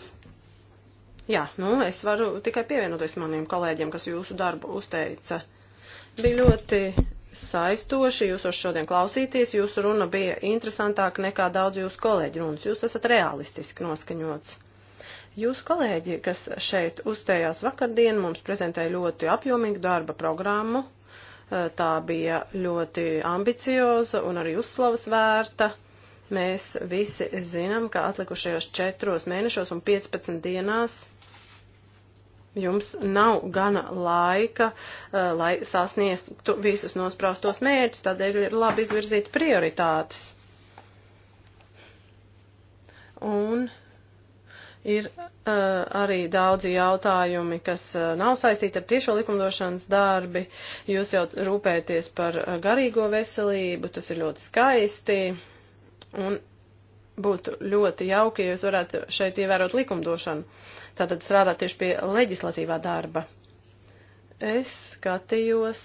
Jā, nu, es varu tikai pievienoties maniem kolēģiem, kas jūsu darbu uzteica. Bija ļoti saistoši jūsos šodien klausīties, jūsu runa bija interesantāka nekā daudz jūsu kolēģi runas, jūs esat realistiski noskaņots. Jūsu kolēģi, kas šeit uzstējās vakardien, mums prezentēja ļoti apjomīgu darba programmu, Eh, tā bija ļoti ambicioza un arī uzslavas vērta. Mēs visi zinām, ka atlikušajos četros mēnešos un 15 dienās jums nav gana laika, eh, lai sasniegtu visus nospraustos mērķus, tādēļ ir labi izvirzīt prioritātes. Un Ir uh, arī daudzi jautājumi, kas uh, nav saistīti ar tiešo likumdošanas darbi. Jūs jau rūpēties par uh, garīgo veselību, tas ir ļoti skaisti. Un būtu ļoti jauki, ja jūs varētu šeit ievērot likumdošanu. Tātad strādāt tieši pie leģislatīvā darba. Es skatījos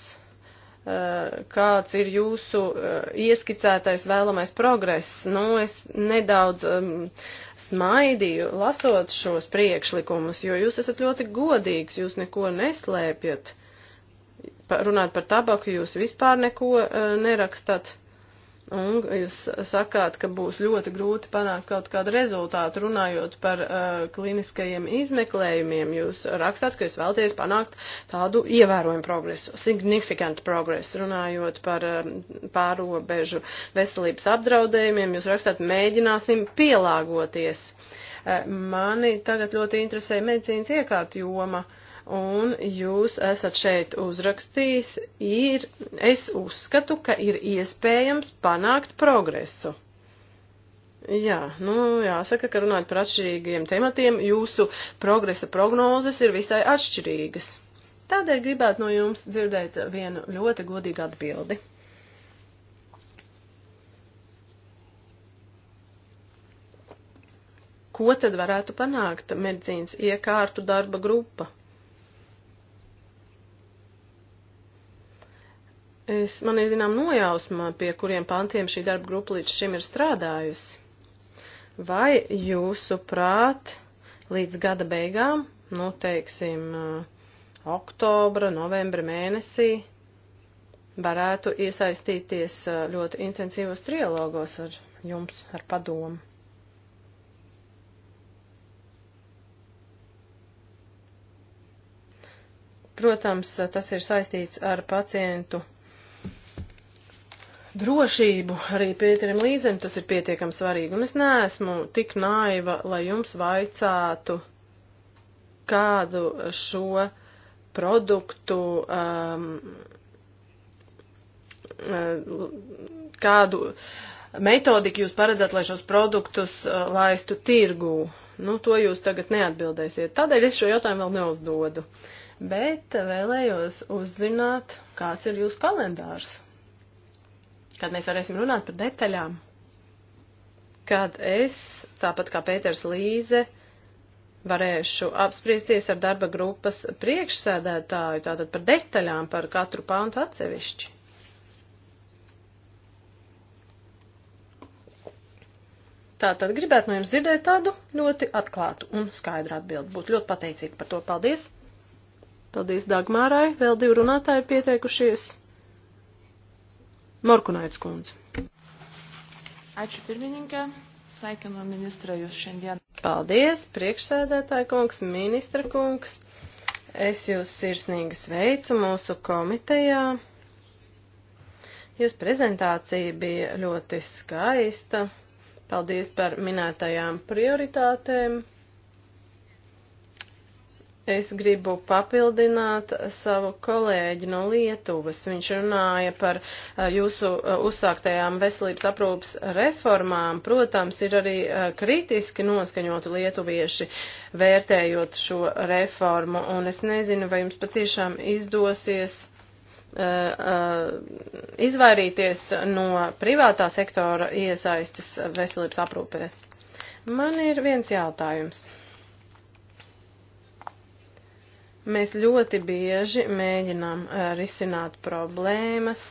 Eh, kāds ir jūsu eh, ieskicētais vēlamais progress. Nu, es nedaudz um, smaidīju lasot šos priekšlikumus, jo jūs esat ļoti godīgs, jūs neko neslēpjat. Par, runāt par tabaku jūs vispār neko uh, nerakstat. Un jūs sakāt, ka būs ļoti grūti panākt kaut kādu rezultātu runājot par uh, kliniskajiem izmeklējumiem. Jūs rakstāt, ka jūs vēlties panākt tādu ievērojumu progresu, significant progresu, runājot par uh, pārobežu veselības apdraudējumiem. Jūs rakstāt, mēģināsim pielāgoties. Uh, mani tagad ļoti interesē medicīnas iekārtu joma. Uh, un jūs esat šeit uzrakstījis, ir, es uzskatu, ka ir iespējams panākt progresu. Jā, nu jāsaka, ka runājot par atšķirīgiem tematiem, jūsu progresa prognozes ir visai atšķirīgas. Tādēļ gribētu no jums dzirdēt vienu ļoti godīgu atbildi. Ko tad varētu panākt medicīnas iekārtu darba grupa? Es, man ir zinām nojausma, pie kuriem pantiem šī darba grupa līdz šim ir strādājusi. Vai jūsu prāt līdz gada beigām, nu, teiksim, eh, oktobra, novembra mēnesī, varētu iesaistīties eh, ļoti intensīvos trialogos ar jums, ar padomu. Protams, tas ir saistīts ar pacientu drošību arī Pēterim Līzem tas ir pietiekami svarīgi, un es neesmu tik naiva, lai jums vaicātu kādu šo produktu, um, uh, kādu metodiku jūs paredzat, lai šos produktus uh, laistu tirgū. Nu, to jūs tagad neatbildēsiet. Tādēļ es šo jautājumu vēl neuzdodu. Bet vēlējos uzzināt, kāds ir jūsu kalendārs kad mēs varēsim runāt par detaļām, kad es, tāpat kā Pēters Līze, varēšu apspriesties ar darba grupas priekšsēdētāju, tātad par detaļām, par katru pāntu atsevišķi. Tātad gribētu no jums dzirdēt tādu ļoti atklātu un skaidru atbildi. Būtu ļoti pateicīgi par to. Paldies! Paldies Dagmārai. Vēl divi runātāji pieteikušies. Morkunaits kundze. Ačiū pirmininkė. Sveikinu ministrą jūs šiandien. Paldies, priekšsēdētāja kungs, ministra kungs. Es jūs sirsnīgi sveicu mūsu komitejā. Jūsu prezentācija bija ļoti skaista. Paldies par minētajām prioritātēm. Es gribu papildināt savu kolēģi no Lietuvas. Viņš runāja par eh, jūsu eh, uzsāktajām veselības aprūpas reformām. Protams, ir arī eh, kritiski noskaņoti lietuvieši vērtējot šo reformu, un es nezinu, vai jums patiešām izdosies izvairīties no privātā sektora iesaistas veselības aprūpē. Man ir viens jautājums. Mēs ļoti bieži mēģinām risināt problēmas,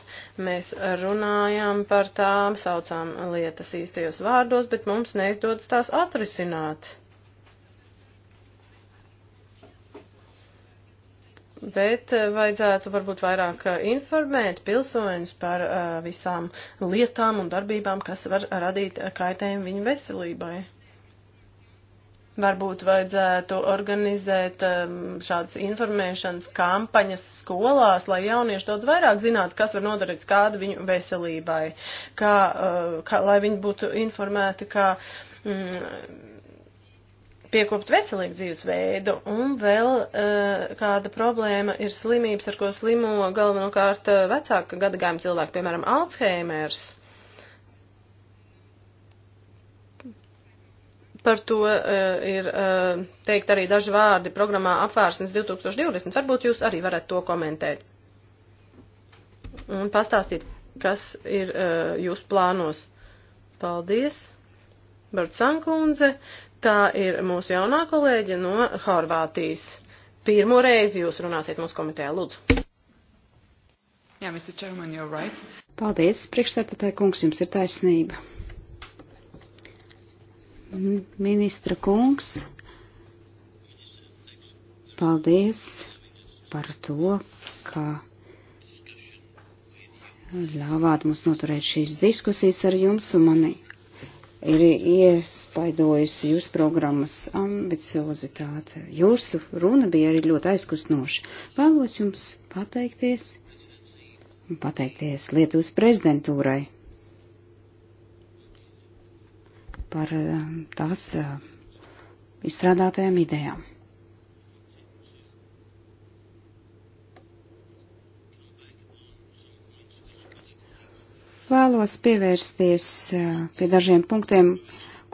mēs runājam par tām, saucām lietas īstajos vārdos, bet mums neizdodas tās atrisināt. Bet vajadzētu varbūt vairāk informēt pilsoņus par visām lietām un darbībām, kas var radīt kaitējumu viņu veselībai. Varbūt vajadzētu organizēt um, šādas informēšanas kampaņas skolās, lai jaunieši daudz vairāk zinātu, kas var nodarīt kādu viņu veselībai, kā, uh, kā, lai viņi būtu informēti, kā mm, piekopt veselīgu dzīvesveidu. Un vēl uh, kāda problēma ir slimības, ar ko slimo galvenokārt uh, vecāka gadagājuma cilvēki, piemēram, Alzheimers. Par to uh, ir uh, teikt arī daži vārdi programmā apvērsnes 2020. Varbūt jūs arī varat to komentēt un pastāstīt, kas ir uh, eh, jūsu plānos. Paldies, Bartsankundze. Tā ir mūsu jaunā kolēģe no Horvātijas. Pirmo reizi jūs runāsiet mūsu komitejā, lūdzu. Jā, yeah, Mr. Chairman, you're right. Paldies, priekšstādātāji kungs, jums ir taisnība. Ministra kungs, paldies par to, ka ļāvāt mums noturēt šīs diskusijas ar jums un mani ir iespaidojusi jūsu programmas ambiciozitāte. Jūsu runa bija arī ļoti aizkustinoša. Vēlos jums pateikties un pateikties Lietuvas prezidentūrai. par eh, tās eh, izstrādātajām idejām. Vēlos pievērsties eh, pie dažiem punktiem,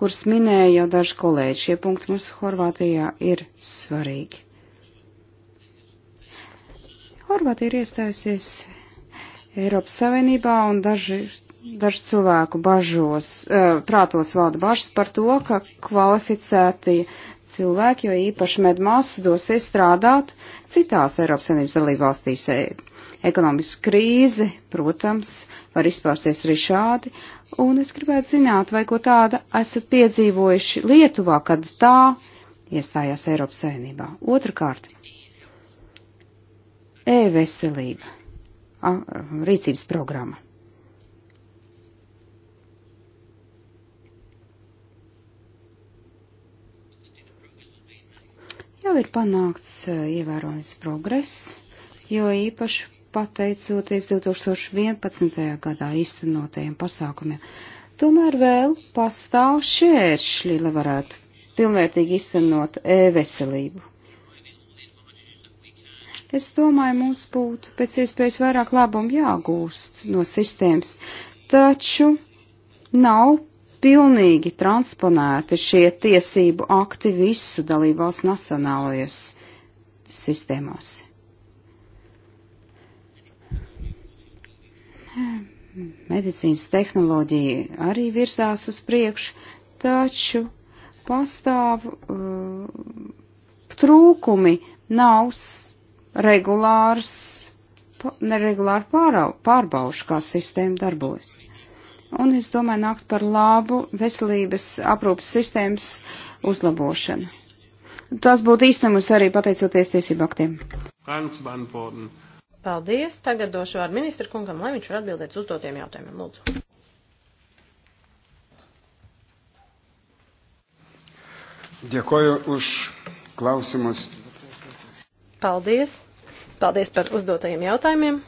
kurus minēja jau daži kolēģi. Šie punkti mums Horvātijā ir svarīgi. Horvātija ir iestājusies Eiropas Savienībā, un daži dažu cilvēku bažos, eh, prātos valda bažas par to, ka kvalificēti cilvēki, jo īpaši medmāsas dosies strādāt citās Eiropas Savienības dalībvalstīs. E, Ekonomiska krīze, protams, var izpārsties arī šādi, un es gribētu zināt, vai ko tāda esat piedzīvojuši Lietuvā, kad tā iestājās Eiropas Savienībā. Otrakārt, e-veselība, rīcības programma. jau ir panākts ievērojams progress, jo īpaši pateicoties 2011. gadā īstenotajiem pasākumiem. Tomēr vēl pastāv šēršļi, lai varētu pilnvērtīgi izcenot e-veselību. Es domāju, mums būtu pēc iespējas vairāk labumu jāgūst no sistēmas, taču nav pilnīgi transponēti šie tiesību akti visu dalībvalsts nacionālajos sistēmās. Medicīnas tehnoloģija arī virzās uz priekšu, taču pastāv uh, trūkumi, nav regulārs, neregulāri pārbaušu, kā sistēma darbojas un es domāju nākt par labu veselības aprūpas sistēmas uzlabošanu. Tas būtu īstenams arī pateicoties tiesību aktiem. Paldies. Tagad došu vārdu ministra kungam, lai viņš var atbildēt uz dotiem jautājumiem. Lūdzu. Dėkoju už klausimus. Paldies. Paldies par uzdotajiem jautājumiem.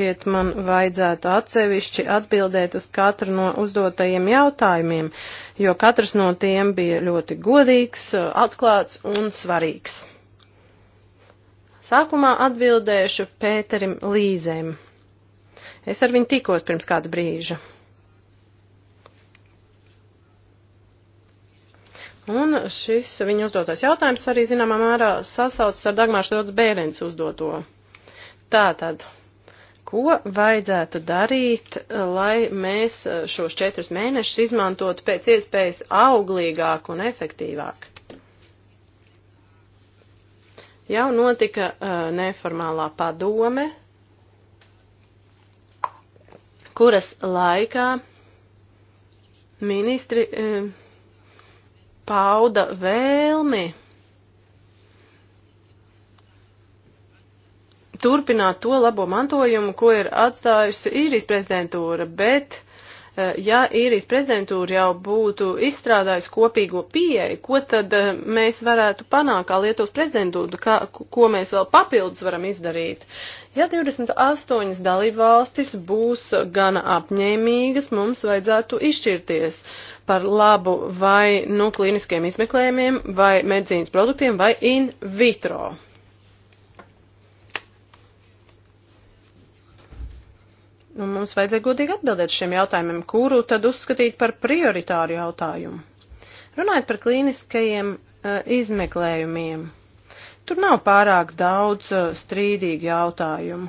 šķiet man vajadzētu atsevišķi atbildēt uz katru no uzdotajiem jautājumiem, jo katrs no tiem bija ļoti godīgs, atklāts un svarīgs. Sākumā atbildēšu Pēterim Līzēm. Es ar viņu tikos pirms kāda brīža. Un šis viņa uzdotais jautājums arī zināmā mērā sasaucas ar Dagmārs Rodas Bērens uzdoto. Tātad. Ko vajadzētu darīt, lai mēs šos četrus mēnešus izmantotu pēc iespējas auglīgāk un efektīvāk? Jau notika uh, neformālā padome, kuras laikā ministri uh, pauda vēlmi turpināt to labo mantojumu, ko ir atstājusi īrijas prezidentūra, bet eh, ja īrijas prezidentūra jau būtu izstrādājusi kopīgo pieeju, ko tad eh, mēs varētu panākt kā Lietuvas prezidentūra, kā, ko mēs vēl papildus varam izdarīt? Ja 28 dalībvalstis būs gana apņēmīgas, mums vajadzētu izšķirties par labu vai nu klīniskiem izmeklējumiem, vai medicīnas produktiem, vai in vitro. Nu, mums vajadzēja godīgi atbildēt šiem jautājumiem, kuru tad uzskatīt par prioritāru jautājumu. Runājot par klīniskajiem uh, izmeklējumiem, tur nav pārāk daudz uh, strīdīgu jautājumu.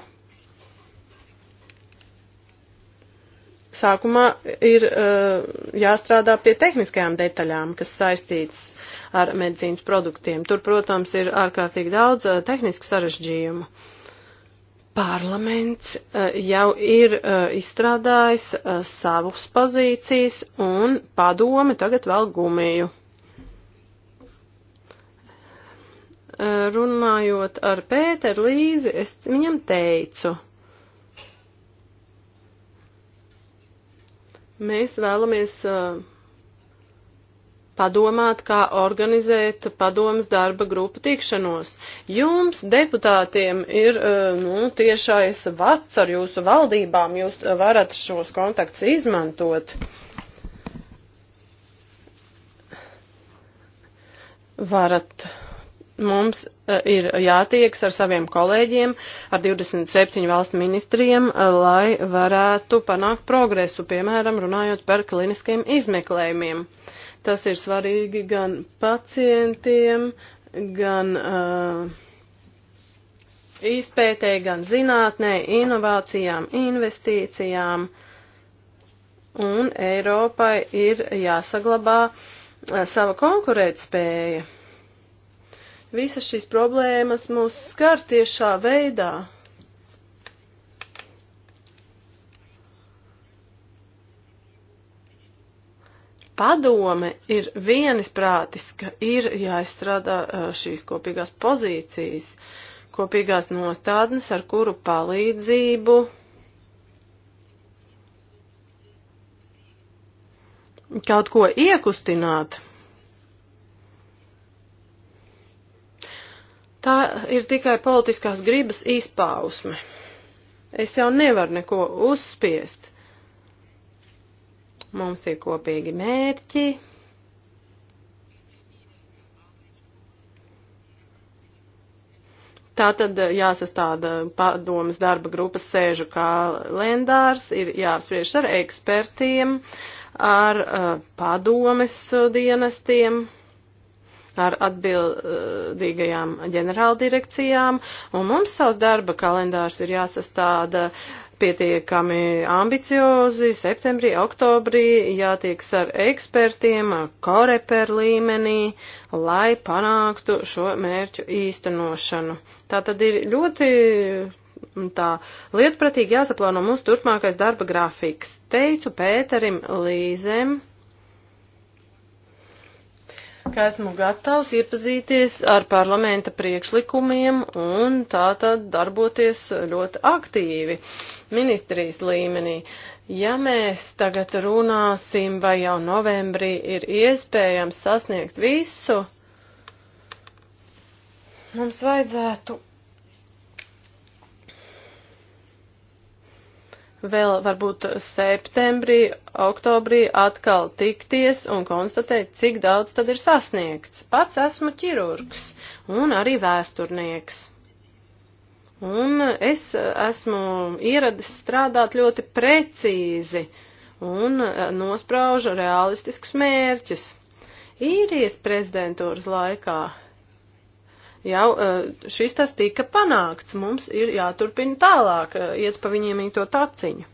Sākumā ir uh, jāstrādā pie tehniskajām detaļām, kas saistītas ar medicīnas produktiem. Tur, protams, ir ārkārtīgi daudz tehnisku sarežģījumu. Uh, Parlaments eh, jau ir eh, izstrādājis eh, savus pozīcijas un padome tagad vēl gumiju. runājot ar Pēteru Līzi, es viņam teicu, mēs vēlamies uh, padomāt, kā organizēt padomas darba grupu tikšanos. Jums, deputātiem, ir eh, nu, tiešais vats ar jūsu valdībām, jūs varat šos kontaktus izmantot. Varat mums eh, ir jātieks ar saviem kolēģiem, ar 27 valstu ministriem, eh, lai varētu panākt progresu, piemēram, runājot par kliniskiem izmeklējumiem. Tas ir svarīgi gan pacientiem, gan uh, izpētē, gan zinātnē, inovācijām, investīcijām. Un Eiropai ir jāsaglabā uh, sava konkurētspēja. Visas šīs problēmas mūs skar tiešā veidā. padome ir vienisprātis, ka ir jāizstrādā šīs kopīgās pozīcijas, kopīgās nostādnes, ar kuru palīdzību kaut ko iekustināt. Tā ir tikai politiskās gribas izpausme. Es jau nevaru neko uzspiest. Mums ir kopīgi mērķi. Tā tad jāsastāda padomas darba grupas sēžu kalendārs, ir jāapspriež ar ekspertiem, ar uh, padomes dienestiem ar atbildīgajām ģenerāldirekcijām, un mums savs darba kalendārs ir jāsastāda pietiekami ambiciozi, septembrī, oktobrī jātieks ar ekspertiem, koreper līmenī, lai panāktu šo mērķu īstenošanu. Tā tad ir ļoti mm, tā lietpratīgi jāsaplāno mūsu turpmākais darba grafiks. Teicu Pēterim Līzem, ka esmu gatavs iepazīties ar parlamenta priekšlikumiem un tā tad darboties ļoti aktīvi ministrijas līmenī. Ja mēs tagad runāsim, vai jau novembrī ir iespējams sasniegt visu, mums vajadzētu vēl varbūt septembrī, oktobrī atkal tikties un konstatēt, cik daudz tad ir sasniegts. Pats esmu ķirurgs un arī vēsturnieks. Un es esmu ieradies strādāt ļoti precīzi un nospraužu realistiskus mērķus. Īrijas prezidentūras laikā jau e, šis tas tika panākts, mums ir jāturpina tālāk, e, iet pa viņiem to taciņu.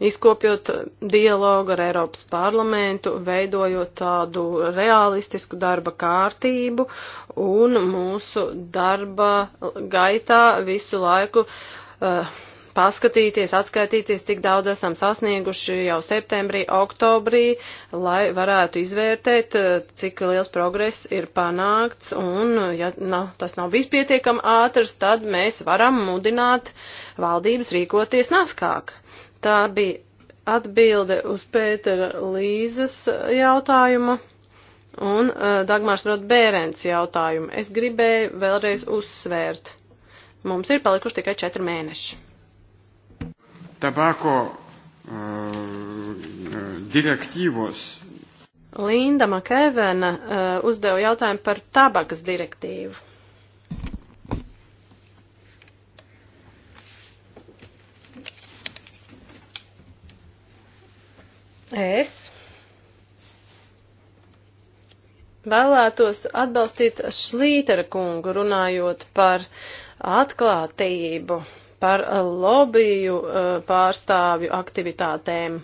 izkopjot dialogu ar Eiropas parlamentu, veidojot tādu realistisku darba kārtību un mūsu darba gaitā visu laiku uh, paskatīties, atskaitīties, cik daudz esam sasnieguši jau septembrī, oktobrī, lai varētu izvērtēt, eh, cik liels progress ir panākts, un, ja na, tas nav vispietiekam ātrs, tad mēs varam mudināt valdības rīkoties naskāk. Tā bija atbilde uz Pētera Līzes jautājumu un uh, Dagmārs Rotbērens jautājumu. Es gribēju vēlreiz uzsvērt. Mums ir palikuši tikai četri mēneši. Tabako uh, direktīvos. Linda Makēvena uh, eh, uzdeva jautājumu par tabakas direktīvu. Es vēlētos atbalstīt Šlītera kungu runājot par atklātību, par lobiju eh, pārstāvju aktivitātēm.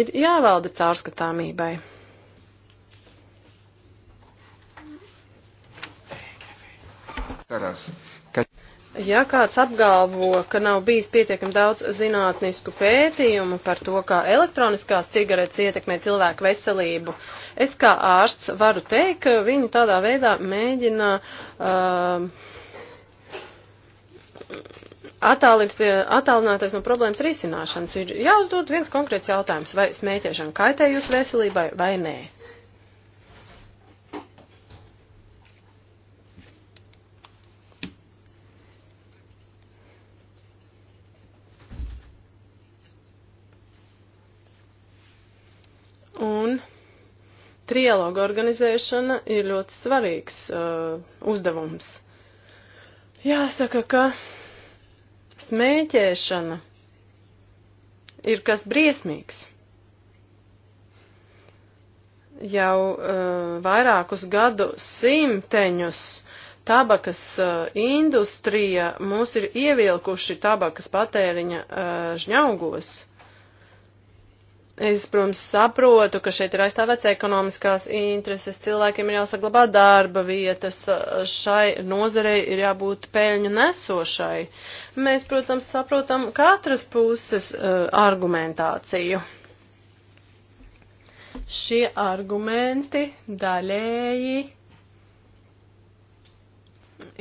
Ir jāvalda caurskatāmībai. Taras. Ja kāds apgalvo, ka nav bijis pietiekami daudz zinātnisku pētījumu par to, kā elektroniskās cigaretes ietekmē cilvēku veselību, es kā ārsts varu teikt, ka viņi tādā veidā mēģina uh, attālināties no problēmas risināšanas. Ir jāuzdod viens konkrēts jautājums, vai smēķēšana kaitē jūsu veselībai vai nē. trialoga organizēšana ir ļoti svarīgs uh, uzdevums. Jāsaka, ka smēķēšana ir kas briesmīgs. Jau uh, vairākus gadu simteņus tabakas uh, industrija mūs ir ievilkuši tabakas patēriņa uh, žņaugos. Uh, Es, protams, saprotu, ka šeit ir aizstāvēts ekonomiskās intereses, cilvēkiem ir jāsaglabā darba vietas, šai nozarei ir jābūt peļņu nesošai. Mēs, protams, saprotam katras puses uh, argumentāciju. Šie argumenti daļēji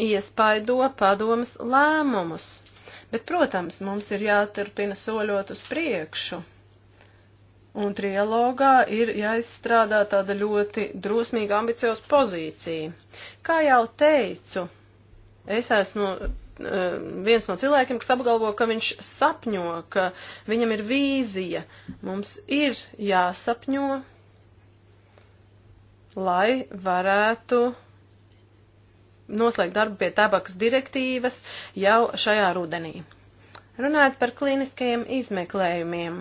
iespaido padomas lēmumus, bet, protams, mums ir jāturpina soļot uz priekšu. Un trialogā ir jāizstrādā tāda ļoti drosmīga, ambicioza pozīcija. Kā jau teicu, es esmu eh, viens no cilvēkiem, kas apgalvo, ka viņš sapņo, ka viņam ir vīzija. Mums ir jāsapņo, lai varētu noslēgt darbu pie tabakas direktīvas jau šajā rudenī. Runājot par klīniskajiem izmeklējumiem.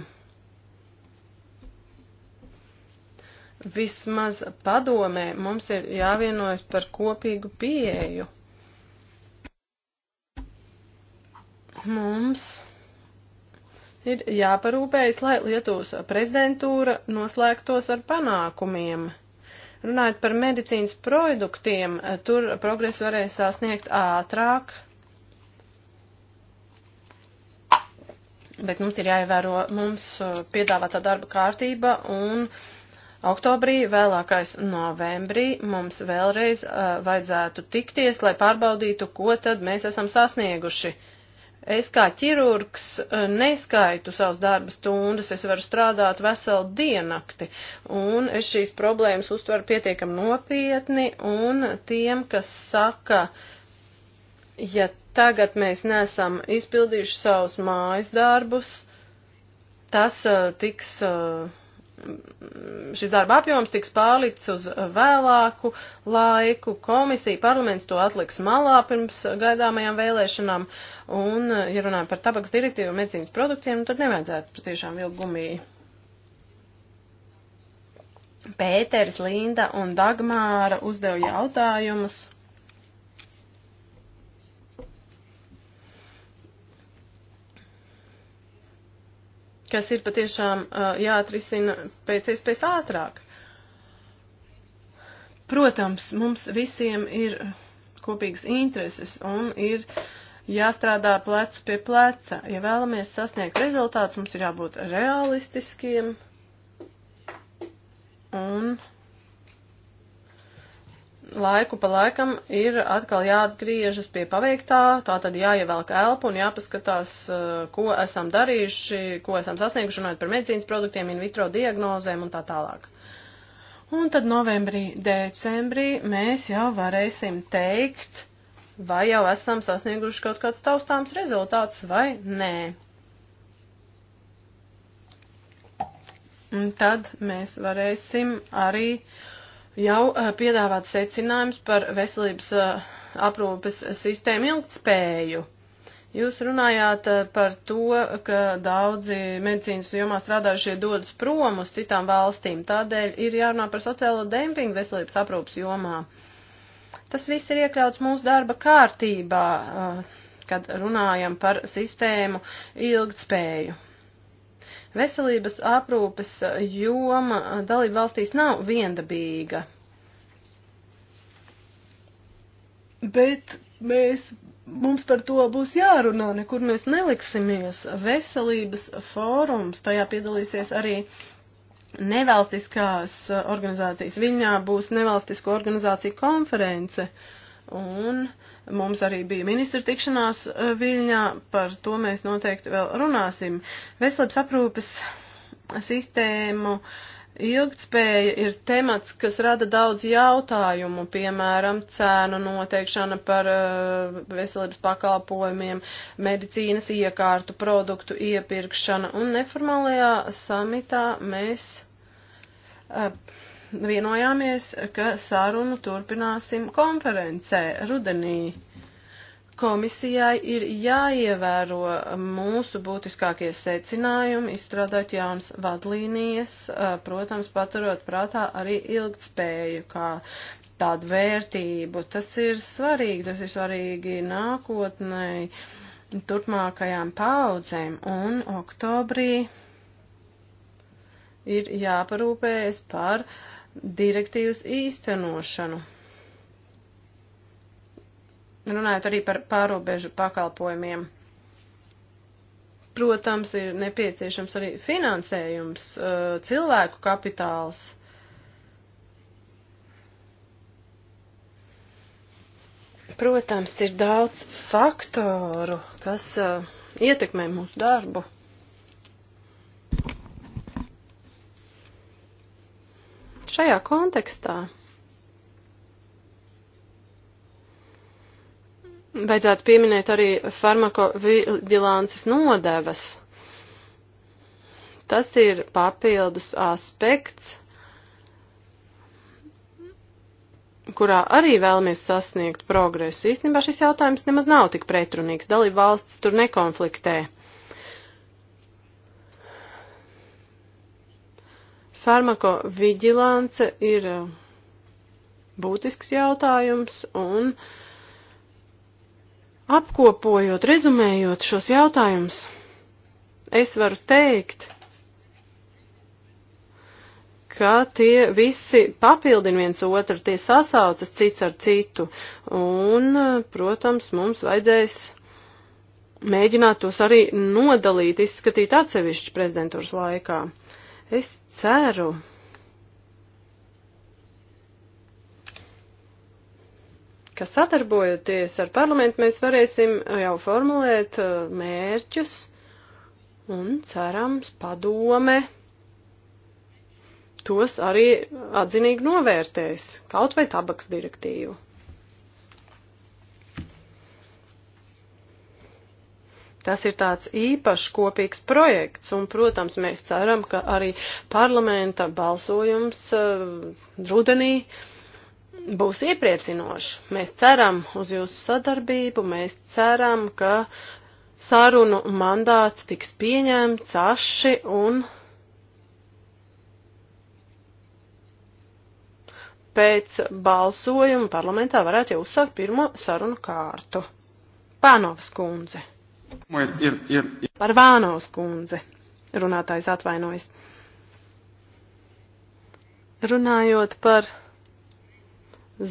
Vismaz padomē mums ir jāvienojas par kopīgu pieeju. Mums ir jāparūpējas, lai Lietuvas prezidentūra noslēgtos ar panākumiem. Runājot par medicīnas produktiem, tur progresu varēja sasniegt ātrāk, bet mums ir jāievēro mums uh, piedāvātā darba kārtība un uh, Oktobrī, vēlākais novembrī, mums vēlreiz uh, vajadzētu tikties, lai pārbaudītu, ko tad mēs esam sasnieguši. Es kā ķirurgs neskaitu savus darba stundas, es varu strādāt veselu diennakti, un es šīs problēmas uztveru pietiekam nopietni, un tiem, kas saka, ja tagad mēs nesam izpildījuši savus mājas darbus, tas uh, tiks uh, šis darba apjoms tiks pārlikts uz vēlāku laiku. Komisija, parlaments to atliks malā pirms gaidāmajām vēlēšanām. Un, ja runājam par tabaks direktīvu un medicīnas produktiem, nu, tad nevajadzētu patiešām vilkt gumiju. Pēters, Linda un Dagmāra uzdeva jautājumus. kas ir patiešām uh, jāatrisina pēc iespējas ātrāk. Protams, mums visiem ir kopīgas intereses un ir jāstrādā plecu pie pleca. Ja vēlamies sasniegt rezultātus, mums ir jābūt realistiskiem un laiku pa laikam ir atkal jāatgriežas pie paveiktā, tā tad jāievelk elpu un jāpaskatās, eh, ko esam darījuši, ko esam sasnieguši, runājot par medicīnas produktiem, in vitro diagnozēm un tā tālāk. Un tad novembrī, decembrī mēs jau varēsim teikt, vai jau esam sasnieguši kaut kāds taustāms rezultāts vai nē. Un tad mēs varēsim arī uh, jau eh, piedāvāt secinājums par veselības eh, aprūpes sistēmu ilgtspēju. Jūs runājāt eh, par to, ka daudzi medicīnas jomā strādājušie dodas prom uz citām valstīm, tādēļ ir jārunā par sociālo dempingu veselības aprūpas jomā. Tas viss ir iekļauts mūsu darba kārtībā, kad runājam par sistēmu ilgtspēju. Veselības aprūpes joma dalība valstīs nav viendabīga. Bet mēs, mums par to būs jārunā, nekur mēs neliksimies. Veselības fórums, tajā piedalīsies arī nevalstiskās organizācijas. Viņā būs nevalstisko organizāciju konference. Uh, Un mums arī bija ministra tikšanās eh, Viļņā, par to mēs noteikti vēl runāsim. Veselības aprūpes sistēmu ilgtspēja ir temats, kas rada daudz jautājumu, piemēram, cēnu noteikšana par eh, veselības pakalpojumiem, medicīnas iekārtu, produktu iepirkšana. Un neformālajā samitā mēs. Uh, vienojāmies, ka sarunu turpināsim konferencē rudenī. Komisijai ir jāievēro mūsu būtiskākie secinājumi, izstrādāt jaunas vadlīnijas, protams, paturot prātā arī ilgtspēju kā tādu vērtību. Tas ir svarīgi, tas ir svarīgi nākotnēji turpmākajām paudzēm, un oktobrī ir jāparūpējas par uh, direktīvas īstenošanu. Runājot arī par pārobežu pakalpojumiem. Protams, ir nepieciešams arī finansējums, uh, cilvēku kapitāls. Protams, ir daudz faktoru, kas uh, ietekmē mūsu darbu. Šajā kontekstā vajadzētu pieminēt arī farmakovigilānces nodevas. Tas ir papildus aspekts, kurā arī vēlamies sasniegt progresu. Īstenībā šis jautājums nemaz nav tik pretrunīgs. Dalība valsts tur nekonfliktē. Farmako vigilance ir eh, būtisks jautājums un apkopojot, rezumējot šos jautājumus, es varu teikt, ka tie visi papildina viens otru, tie sasaucas cits ar citu, un, eh, protams, mums vajadzēs mēģināt tos arī nodalīt, izskatīt atsevišķi prezidentūras laikā. Es ceru, ka sadarbojoties ar parlamentu mēs varēsim jau formulēt uh, mērķus un cerams padome tos arī atzinīgi novērtēs, kaut vai tabaks direktīvu. Tas ir tāds īpašs kopīgs projekts, un, protams, mēs ceram, ka arī parlamenta balsojums uh, rudenī būs iepriecinošs. Mēs ceram uz jūsu sadarbību, mēs ceram, ka sarunu mandāts tiks pieņemts aši un pēc balsojuma parlamentā varētu jau uzsākt pirmo sarunu kārtu. Pānovas kundze. Ir, ir, ir. Par Vānaus kundze runātājs atvainojas. Runājot par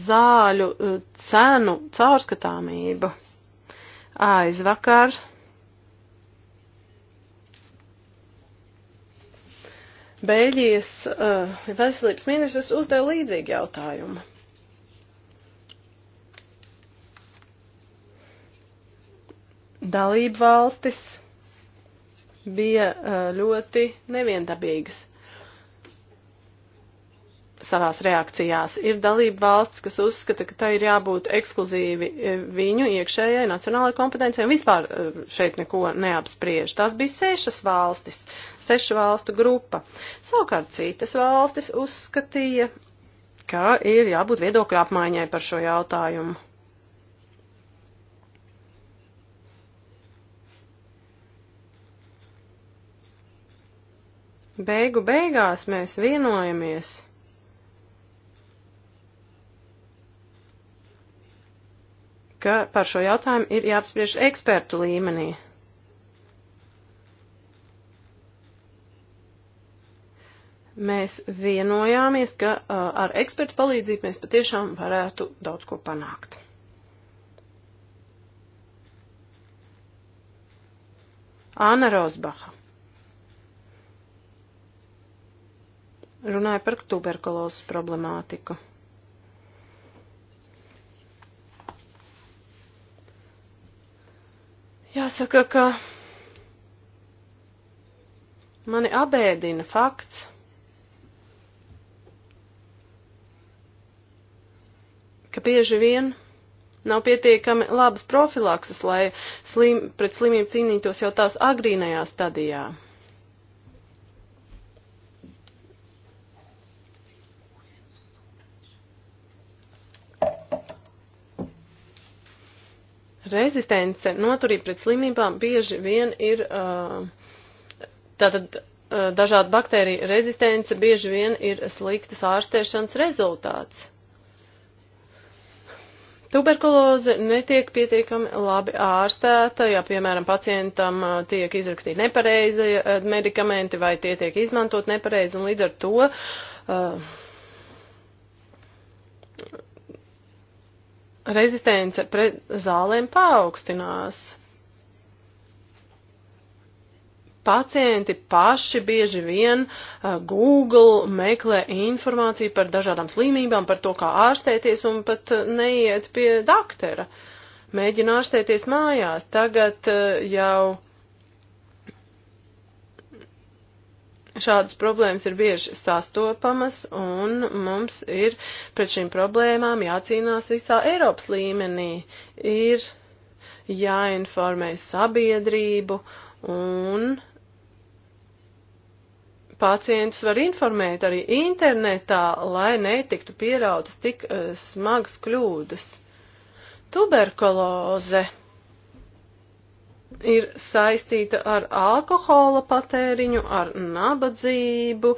zāļu eh, cenu caurskatāmību, aizvakar Beļģijas uh, veselības ministrs uzdeva līdzīgu jautājumu. dalību valstis bija ļoti neviendabīgas savās reakcijās. Ir dalība valsts, kas uzskata, ka tai ir jābūt ekskluzīvi viņu iekšējai nacionālajai kompetencijai, un vispār šeit neko neapspriež. Tās bija sešas valstis, sešu valstu grupa. Savukārt citas valstis uzskatīja, ka ir jābūt viedokļu apmaiņai par šo jautājumu. Beigu beigās mēs vienojamies. ka par šo jautājumu ir jāapspriež ekspertu līmenī. Mēs vienojāmies, ka ar ekspertu palīdzību mēs patiešām varētu daudz ko panākt. Āna Rozbaha. runāja par tuberkulozes problemātiku. Jāsaka, ka mani abēdina fakts, ka bieži vien nav pietiekami labas profilakses, lai slim, pret slimību cīnītos jau tās agrīnajā stadijā. Rezistence, noturība pret slimībām bieži vien ir uh, tātad uh, dažādu baktēriju rezistence bieži vien ir sliktas ārstēšanas rezultāts. Tuberkuloze netiek pietiekami labi ārstēta, ja, piemēram, pacientam tiek izrakstīti nepareizi medikamenti vai tie tiek izmantot nepareizi, un līdz ar to uh, rezistence pret zālēm paaugstinās. Pacienti paši bieži vien eh, Google meklē informāciju par dažādām slimībām, par to, kā ārstēties un pat eh, neiet pie daktera. Mēģina ārstēties mājās. Tagad eh, jau Šādas problēmas ir bieži sastopamas, un mums ir pret šīm problēmām jācīnās visā Eiropas līmenī. Ir jāinformē sabiedrību, un pacientus var informēt arī internetā, lai netiktu pierautas tik uh, smagas kļūdas. Tuberkuloze ir saistīta ar alkohola patēriņu, ar nabadzību,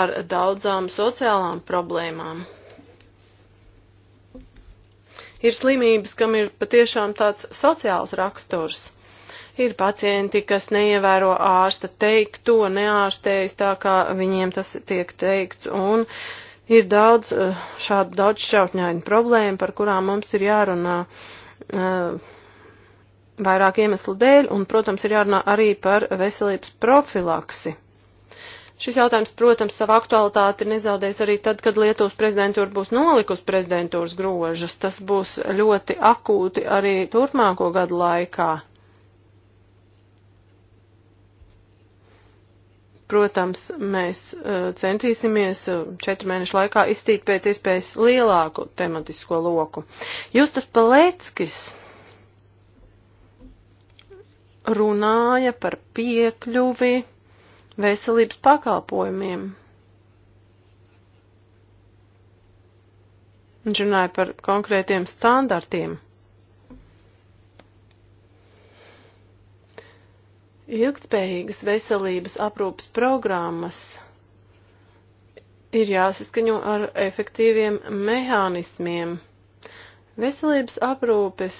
ar daudzām sociālām problēmām. Ir slimības, kam ir patiešām tāds sociāls raksturs. Ir pacienti, kas neievēro ārsta teikto, neārstējas tā, kā viņiem tas tiek teikts, un ir daudz eh, šādu daudz šautņainu problēmu, par kurām mums ir jārunā. Uh, vairāk iemeslu dēļ, un, protams, ir jārunā arī par veselības profilaksi. Šis jautājums, protams, savu aktualitāti nezaudēs arī tad, kad Lietuvas prezidentūra būs nolikusi prezidentūras grožus. Tas būs ļoti akūti arī turpmāko gadu laikā. Protams, mēs e, centīsimies e, četru mēnešu laikā iztīt pēc iespējas lielāku tematisko loku. Justas Paleckis runāja par piekļuvi veselības pakalpojumiem. Viņš runāja par konkrētiem standartiem. Ilgtspējīgas veselības aprūpas programmas ir jāsaskaņo ar efektīviem mehānismiem. Veselības aprūpes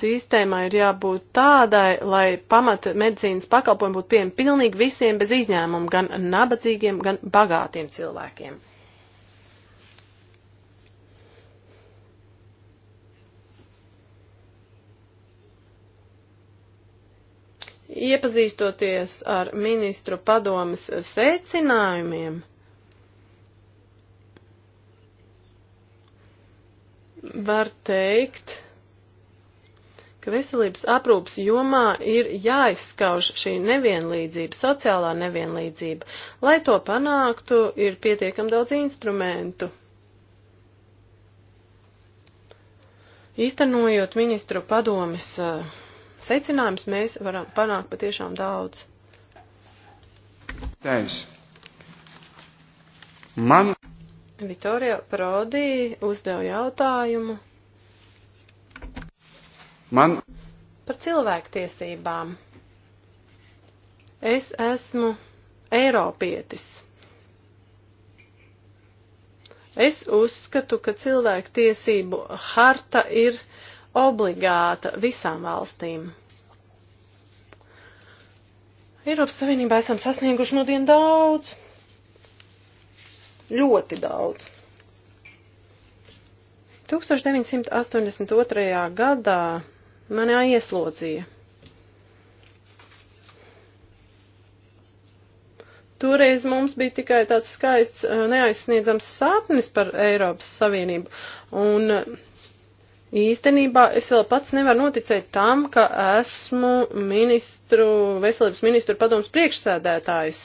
sistēmai ir jābūt tādai, lai pamata medicīnas pakalpojumi būtu pieejami pilnīgi visiem bez izņēmumu, gan nabadzīgiem, gan bagātiem cilvēkiem. Iepazīstoties ar ministru padomas secinājumiem, var teikt, ka veselības aprūpas jomā ir jāizskauž šī nevienlīdzība, sociālā nevienlīdzība. Lai to panāktu, ir pietiekam daudz instrumentu. Īstenojot ministru padomis eh, secinājumus, mēs varam panākt patiešām daudz. Tēvs. Man. Vitorija Prodī uzdeva jautājumu. Man... Par cilvēktiesībām. Es esmu Eiropietis. Es uzskatu, ka cilvēktiesību harta ir obligāta visām valstīm. Eiropas Savienībā esam sasnieguši no dienu daudz, ļoti daudz. 1982. gadā Mani ieslodzīja. Toreiz mums bija tikai tāds skaists, eh, neaizsniedzams sapnis par Eiropas Savienību. Un eh, īstenībā es vēl pats nevaru noticēt tam, ka esmu ministru, veselības ministru padoms priekšsēdētājs.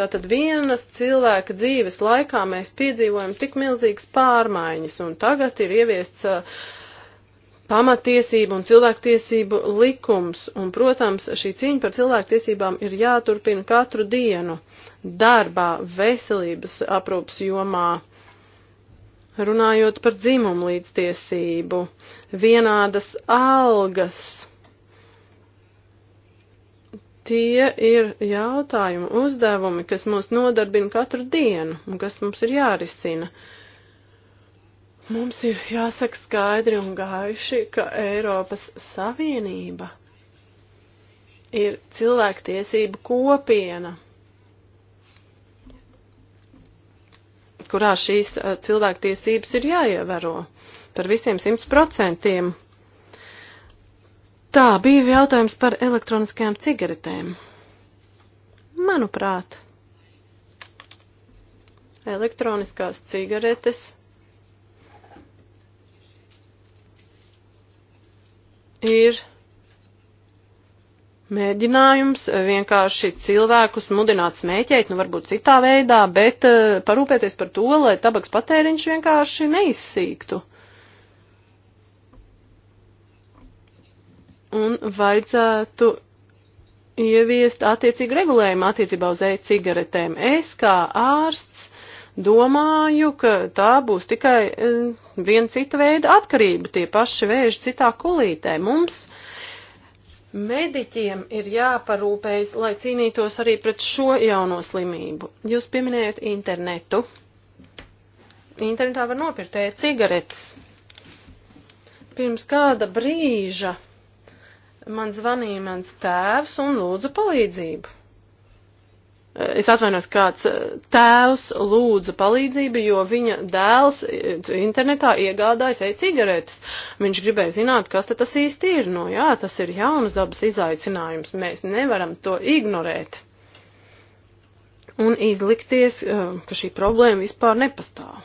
Tātad vienas cilvēka dzīves laikā mēs piedzīvojam tik milzīgas pārmaiņas, un tagad ir ieviests uh, pamatiesību un cilvēktiesību likums. Un, protams, šī cīņa par cilvēktiesībām ir jāturpina katru dienu darbā, veselības aprūpas jomā, runājot par dzimumu līdztiesību, vienādas algas. Tie ir jautājumi, uzdevumi, kas mūs nodarbina katru dienu un kas mums ir jārisina. Uh, Mums ir jāsaka skaidri un gaiši, ka Eiropas Savienība ir cilvēktiesību kopiena, kurā šīs eh, cilvēktiesības ir jāievēro par visiem simts procentiem. Tā bija jautājums par elektroniskajām cigaretēm. Manuprāt, elektroniskās cigaretes ir mēģinājums vienkārši cilvēkus mudināt smēķēt, nu varbūt citā veidā, bet eh, parūpēties par to, lai tabaks patēriņš vienkārši neizsīktu. Un vajadzētu ieviest attiecīgu regulējumu attiecībā uz e-cigaretēm. Es kā ārsts domāju, ka tā būs tikai eh, viena cita veida atkarība, tie paši vēži citā kulītē. Mums mediķiem ir jāparūpējas, lai cīnītos arī pret šo jauno slimību. Jūs pieminējat internetu. Internetā var nopirkt e-cigaretes. Pirms kāda brīža man zvanīja mans tēvs un lūdza palīdzību es atvainos, kāds eh, tēvs lūdza palīdzību, jo viņa dēls eh, internetā iegādājas e-cigaretes. Viņš gribēja zināt, kas tas īsti ir. Nu, no, jā, tas ir jaunas dabas izaicinājums. Mēs nevaram to ignorēt. Un izlikties, eh, ka šī problēma vispār nepastāv.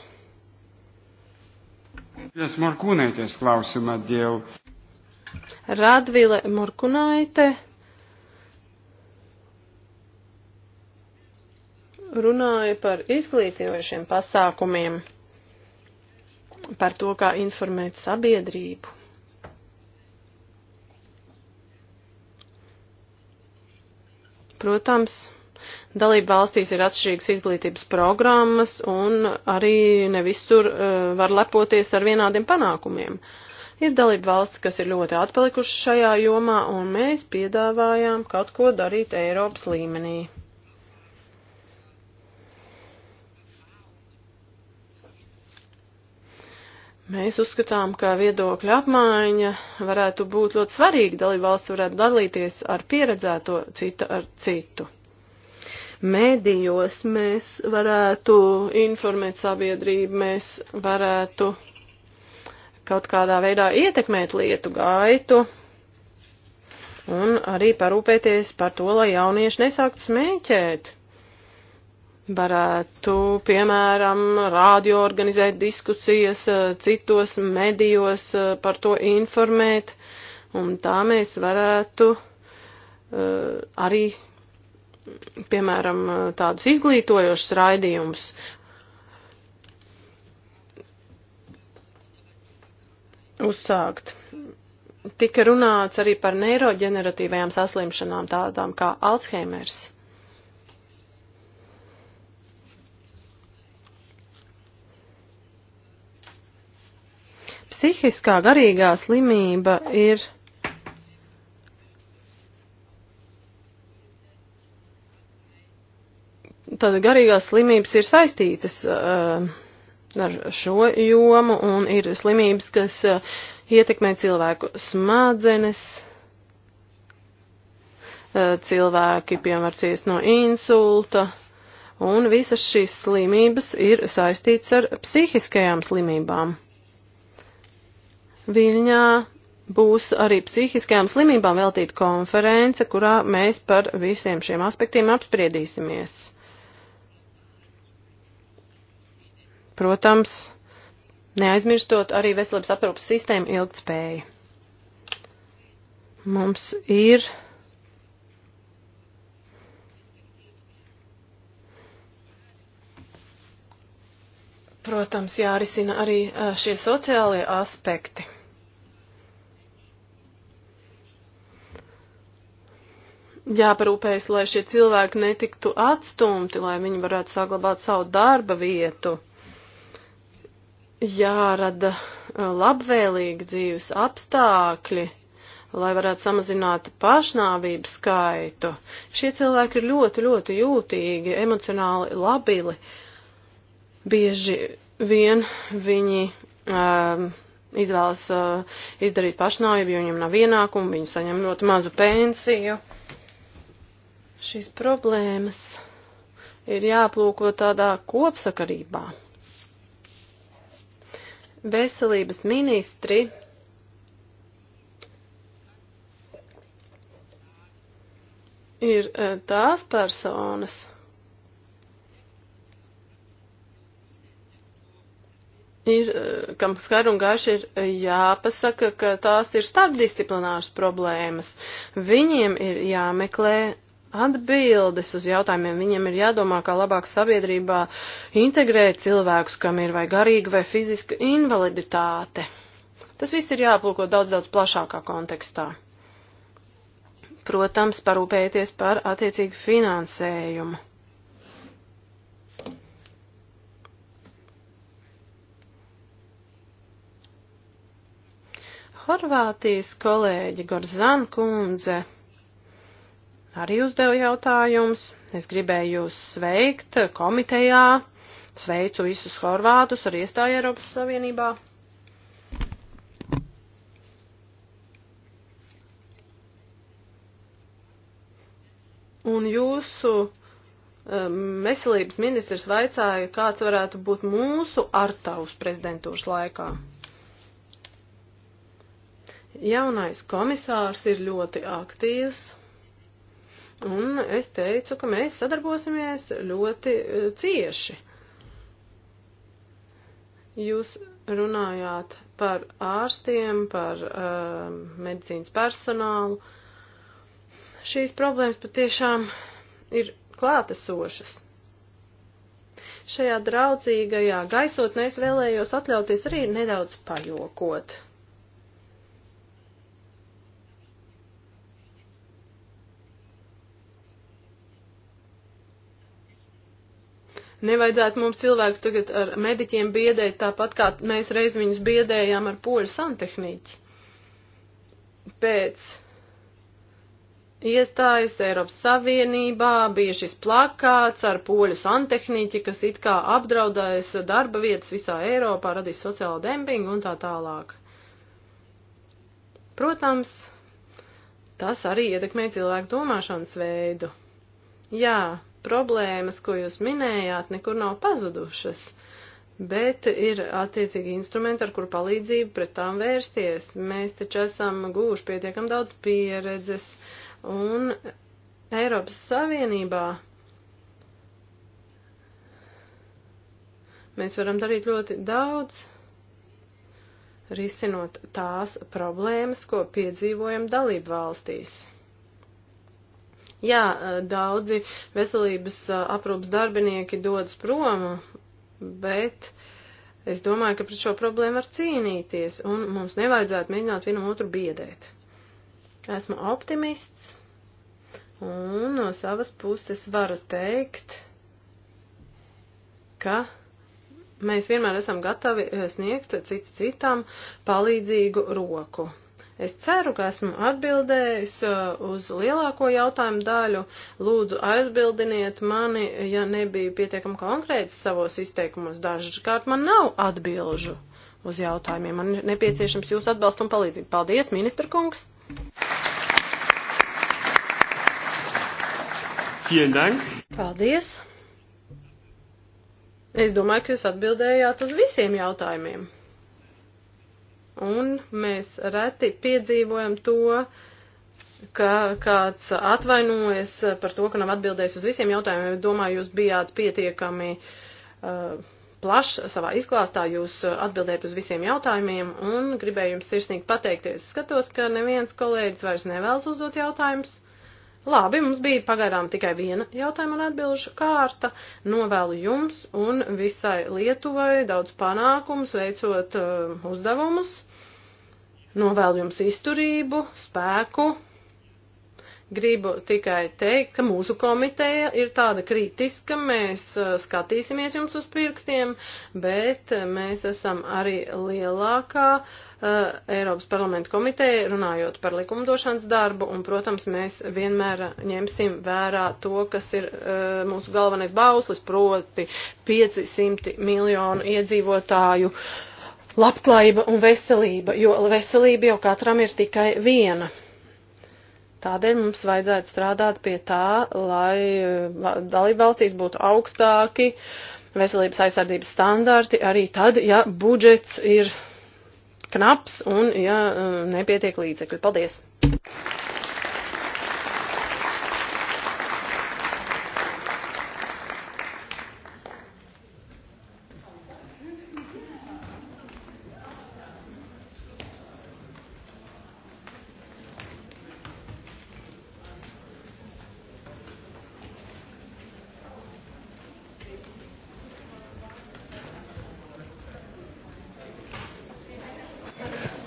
Es morkunēties klausimā, Dievu. Radvile Morkunaite runāja par izglītojošiem pasākumiem, par to, kā informēt sabiedrību. Protams, dalību valstīs ir atšķirīgas izglītības programmas un arī ne visur uh, var lepoties ar vienādiem panākumiem. Ir dalību valsts, kas ir ļoti atpalikušas šajā jomā, un mēs piedāvājām kaut ko darīt Eiropas līmenī. Mēs uzskatām, ka viedokļa apmaiņa varētu būt ļoti svarīga, dalībvalsts varētu dalīties ar pieredzēto cita ar citu. Mēdījos mēs varētu informēt sabiedrību, mēs varētu kaut kādā veidā ietekmēt lietu gaitu un arī parūpēties par to, lai jaunieši nesāktu smēķēt varētu, piemēram, rādio organizēt diskusijas, eh, citos medijos eh, par to informēt, un tā mēs varētu eh, arī, piemēram, tādus izglītojošus raidījumus. Uzsākt. Tika runāts arī par neiroģeneratīvajām saslimšanām, tādām kā Alzheimers. Psihiskā garīgā slimība ir tāda garīgās slimības ir saistītas uh, ar šo jomu un ir slimības, kas uh, ietekmē cilvēku smadzenes. Uh, cilvēki, piemēram, ciest no insulta, un visas šīs slimības ir saistītas ar psihiskajām slimībām. Viļņā būs arī psihiskajām slimībām veltīta konference, kurā mēs par visiem šiem aspektiem apspriedīsimies. Protams, neaizmirstot arī veselības aprūpas sistēmu ilgtspēju. Mums ir protams, jārisina arī eh, šie sociālie aspekti. jāparūpējas, lai šie cilvēki netiktu atstumti, lai viņi varētu saglabāt savu darba vietu. Jārada uh, labvēlīgi dzīves apstākļi, lai varētu samazināt pašnāvību skaitu. Šie cilvēki ir ļoti, ļoti jūtīgi, emocionāli labili. Bieži vien viņi um, izvēlas uh, izdarīt pašnāvību, jo viņam nav ienākumu, viņi saņem ļoti mazu pensiju. Uh, Šīs problēmas ir jāplūko tādā kopsakarībā. Veselības ministri ir eh, tās personas, ir, eh, kam skar un gaiši ir jāpasaka, ka tās ir starpdisciplināras problēmas. Viņiem ir jāmeklē atbildes uz jautājumiem. Viņiem ir jādomā, kā labāk sabiedrībā integrēt cilvēkus, kam ir vai garīga vai fiziska invaliditāte. Tas viss ir jāplūko daudz, daudz plašākā kontekstā. Protams, parūpēties par attiecīgu finansējumu. Horvātijas kolēģi Gorzan kundze arī uzdeva jautājumus. Es gribēju jūs sveikt komitejā. Sveicu visus horvātus ar iestāju Eiropas Savienībā. Un jūsu um, veselības um, ministrs vaicāja, kāds varētu būt mūsu artaus prezidentūras laikā. Jaunais komisārs ir ļoti aktīvs. Un es teicu, ka mēs sadarbosimies ļoti e, cieši. Jūs runājāt par ārstiem, par uh, medicīnas personālu. Šīs problēmas patiešām ir klātesošas. Šajā draudzīgajā gaisotnē es vēlējos atļauties arī nedaudz pajokot. Nevajadzētu mums cilvēkus tagad ar mediķiem biedēt, tāpat kā mēs reiz viņus biedējām ar poļu santehniķi. Pēc iestājas Eiropas Savienībā, bija šis plakāts ar poļu santehniķi, kas it kā apdraudējas darba vietas visā Eiropā, radīs sociālo dempingu un tā tālāk. Protams, tas arī ietekmē cilvēku domāšanas veidu. Jā, problēmas, ko jūs minējāt, nekur nav pazudušas, bet ir attiecīgi instrumenti, ar kuru palīdzību pret tām vērsties. Mēs taču esam gūši pietiekam daudz pieredzes, un Eiropas Savienībā mēs varam darīt ļoti daudz, risinot tās problēmas, ko piedzīvojam dalību valstīs. Jā, eh, daudzi veselības eh, aprūpas darbinieki dodas prom, bet es domāju, ka pret šo problēmu var cīnīties, un mums nevajadzētu mēģināt vienam otru biedēt. Esmu optimists, un no savas puses varu teikt, ka mēs vienmēr esam gatavi eh, sniegt cits citam palīdzīgu roku. Es ceru, ka esmu atbildējis uh, uz lielāko jautājumu daļu. Lūdzu, aizbildiniet mani, ja nebija pietiekami konkrēts savos izteikumos. Dažkārt man nav atbilžu uz jautājumiem. Man ir nepieciešams jūsu atbalsts un palīdzība. Paldies, ministra kungs! Paldies! Es domāju, ka jūs atbildējāt uz visiem jautājumiem un mēs reti piedzīvojam to, ka kāds atvainojas par to, ka nav atbildējis uz visiem jautājumiem. Domāju, jūs bijāt pietiekami uh, plašs savā izklāstā, jūs uh, atbildējat uz visiem jautājumiem un gribēju jums sirsnīgi pateikties. Skatos, ka neviens kolēģis vairs nevēlas uzdot jautājumus. Labi, mums bija pagaidām tikai viena jautājuma un atbilžu kārta. Novēlu jums un visai Lietuvai daudz panākums, veicot uh, uzdevumus. Novēlu jums izturību, spēku Gribu tikai teikt, ka mūsu komiteja ir tāda kritiska, mēs skatīsimies jums uz pirkstiem, bet mēs esam arī lielākā uh, Eiropas parlamenta komiteja, runājot par likumdošanas darbu, un, protams, mēs vienmēr ņemsim vērā to, kas ir uh, mūsu galvenais bauslis, proti 500 miljonu iedzīvotāju labklājība un veselība, jo veselība jau katram ir tikai viena. Tādēļ mums vajadzētu strādāt pie tā, lai dalībvalstīs būtu augstāki veselības aizsardzības standarti arī tad, ja budžets ir knaps un ja uh, nepietiek līdzekļi. Paldies!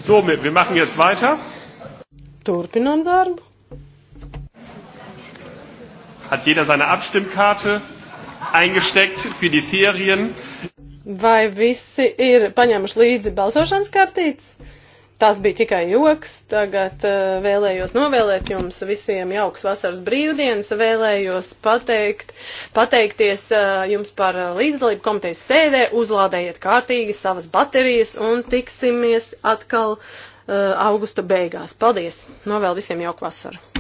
So, wir machen jetzt weiter. Turpinām darbu. Hat jeder seine Abstimmkarte eingesteckt für die Ferien? Vai visi ir paņēmuši līdzi balsošanas kartītes? Tas bija tikai joks. Tagad uh, vēlējos novēlēt jums visiem jauks vasaras brīvdienas. Vēlējos pateikt, pateikties uh, jums par eh, līdzdalību komitejas sēdē. Uzlādējiet kārtīgi savas baterijas un tiksimies atkal uh, augusta beigās. Paldies! Novēl visiem jauku vasaru!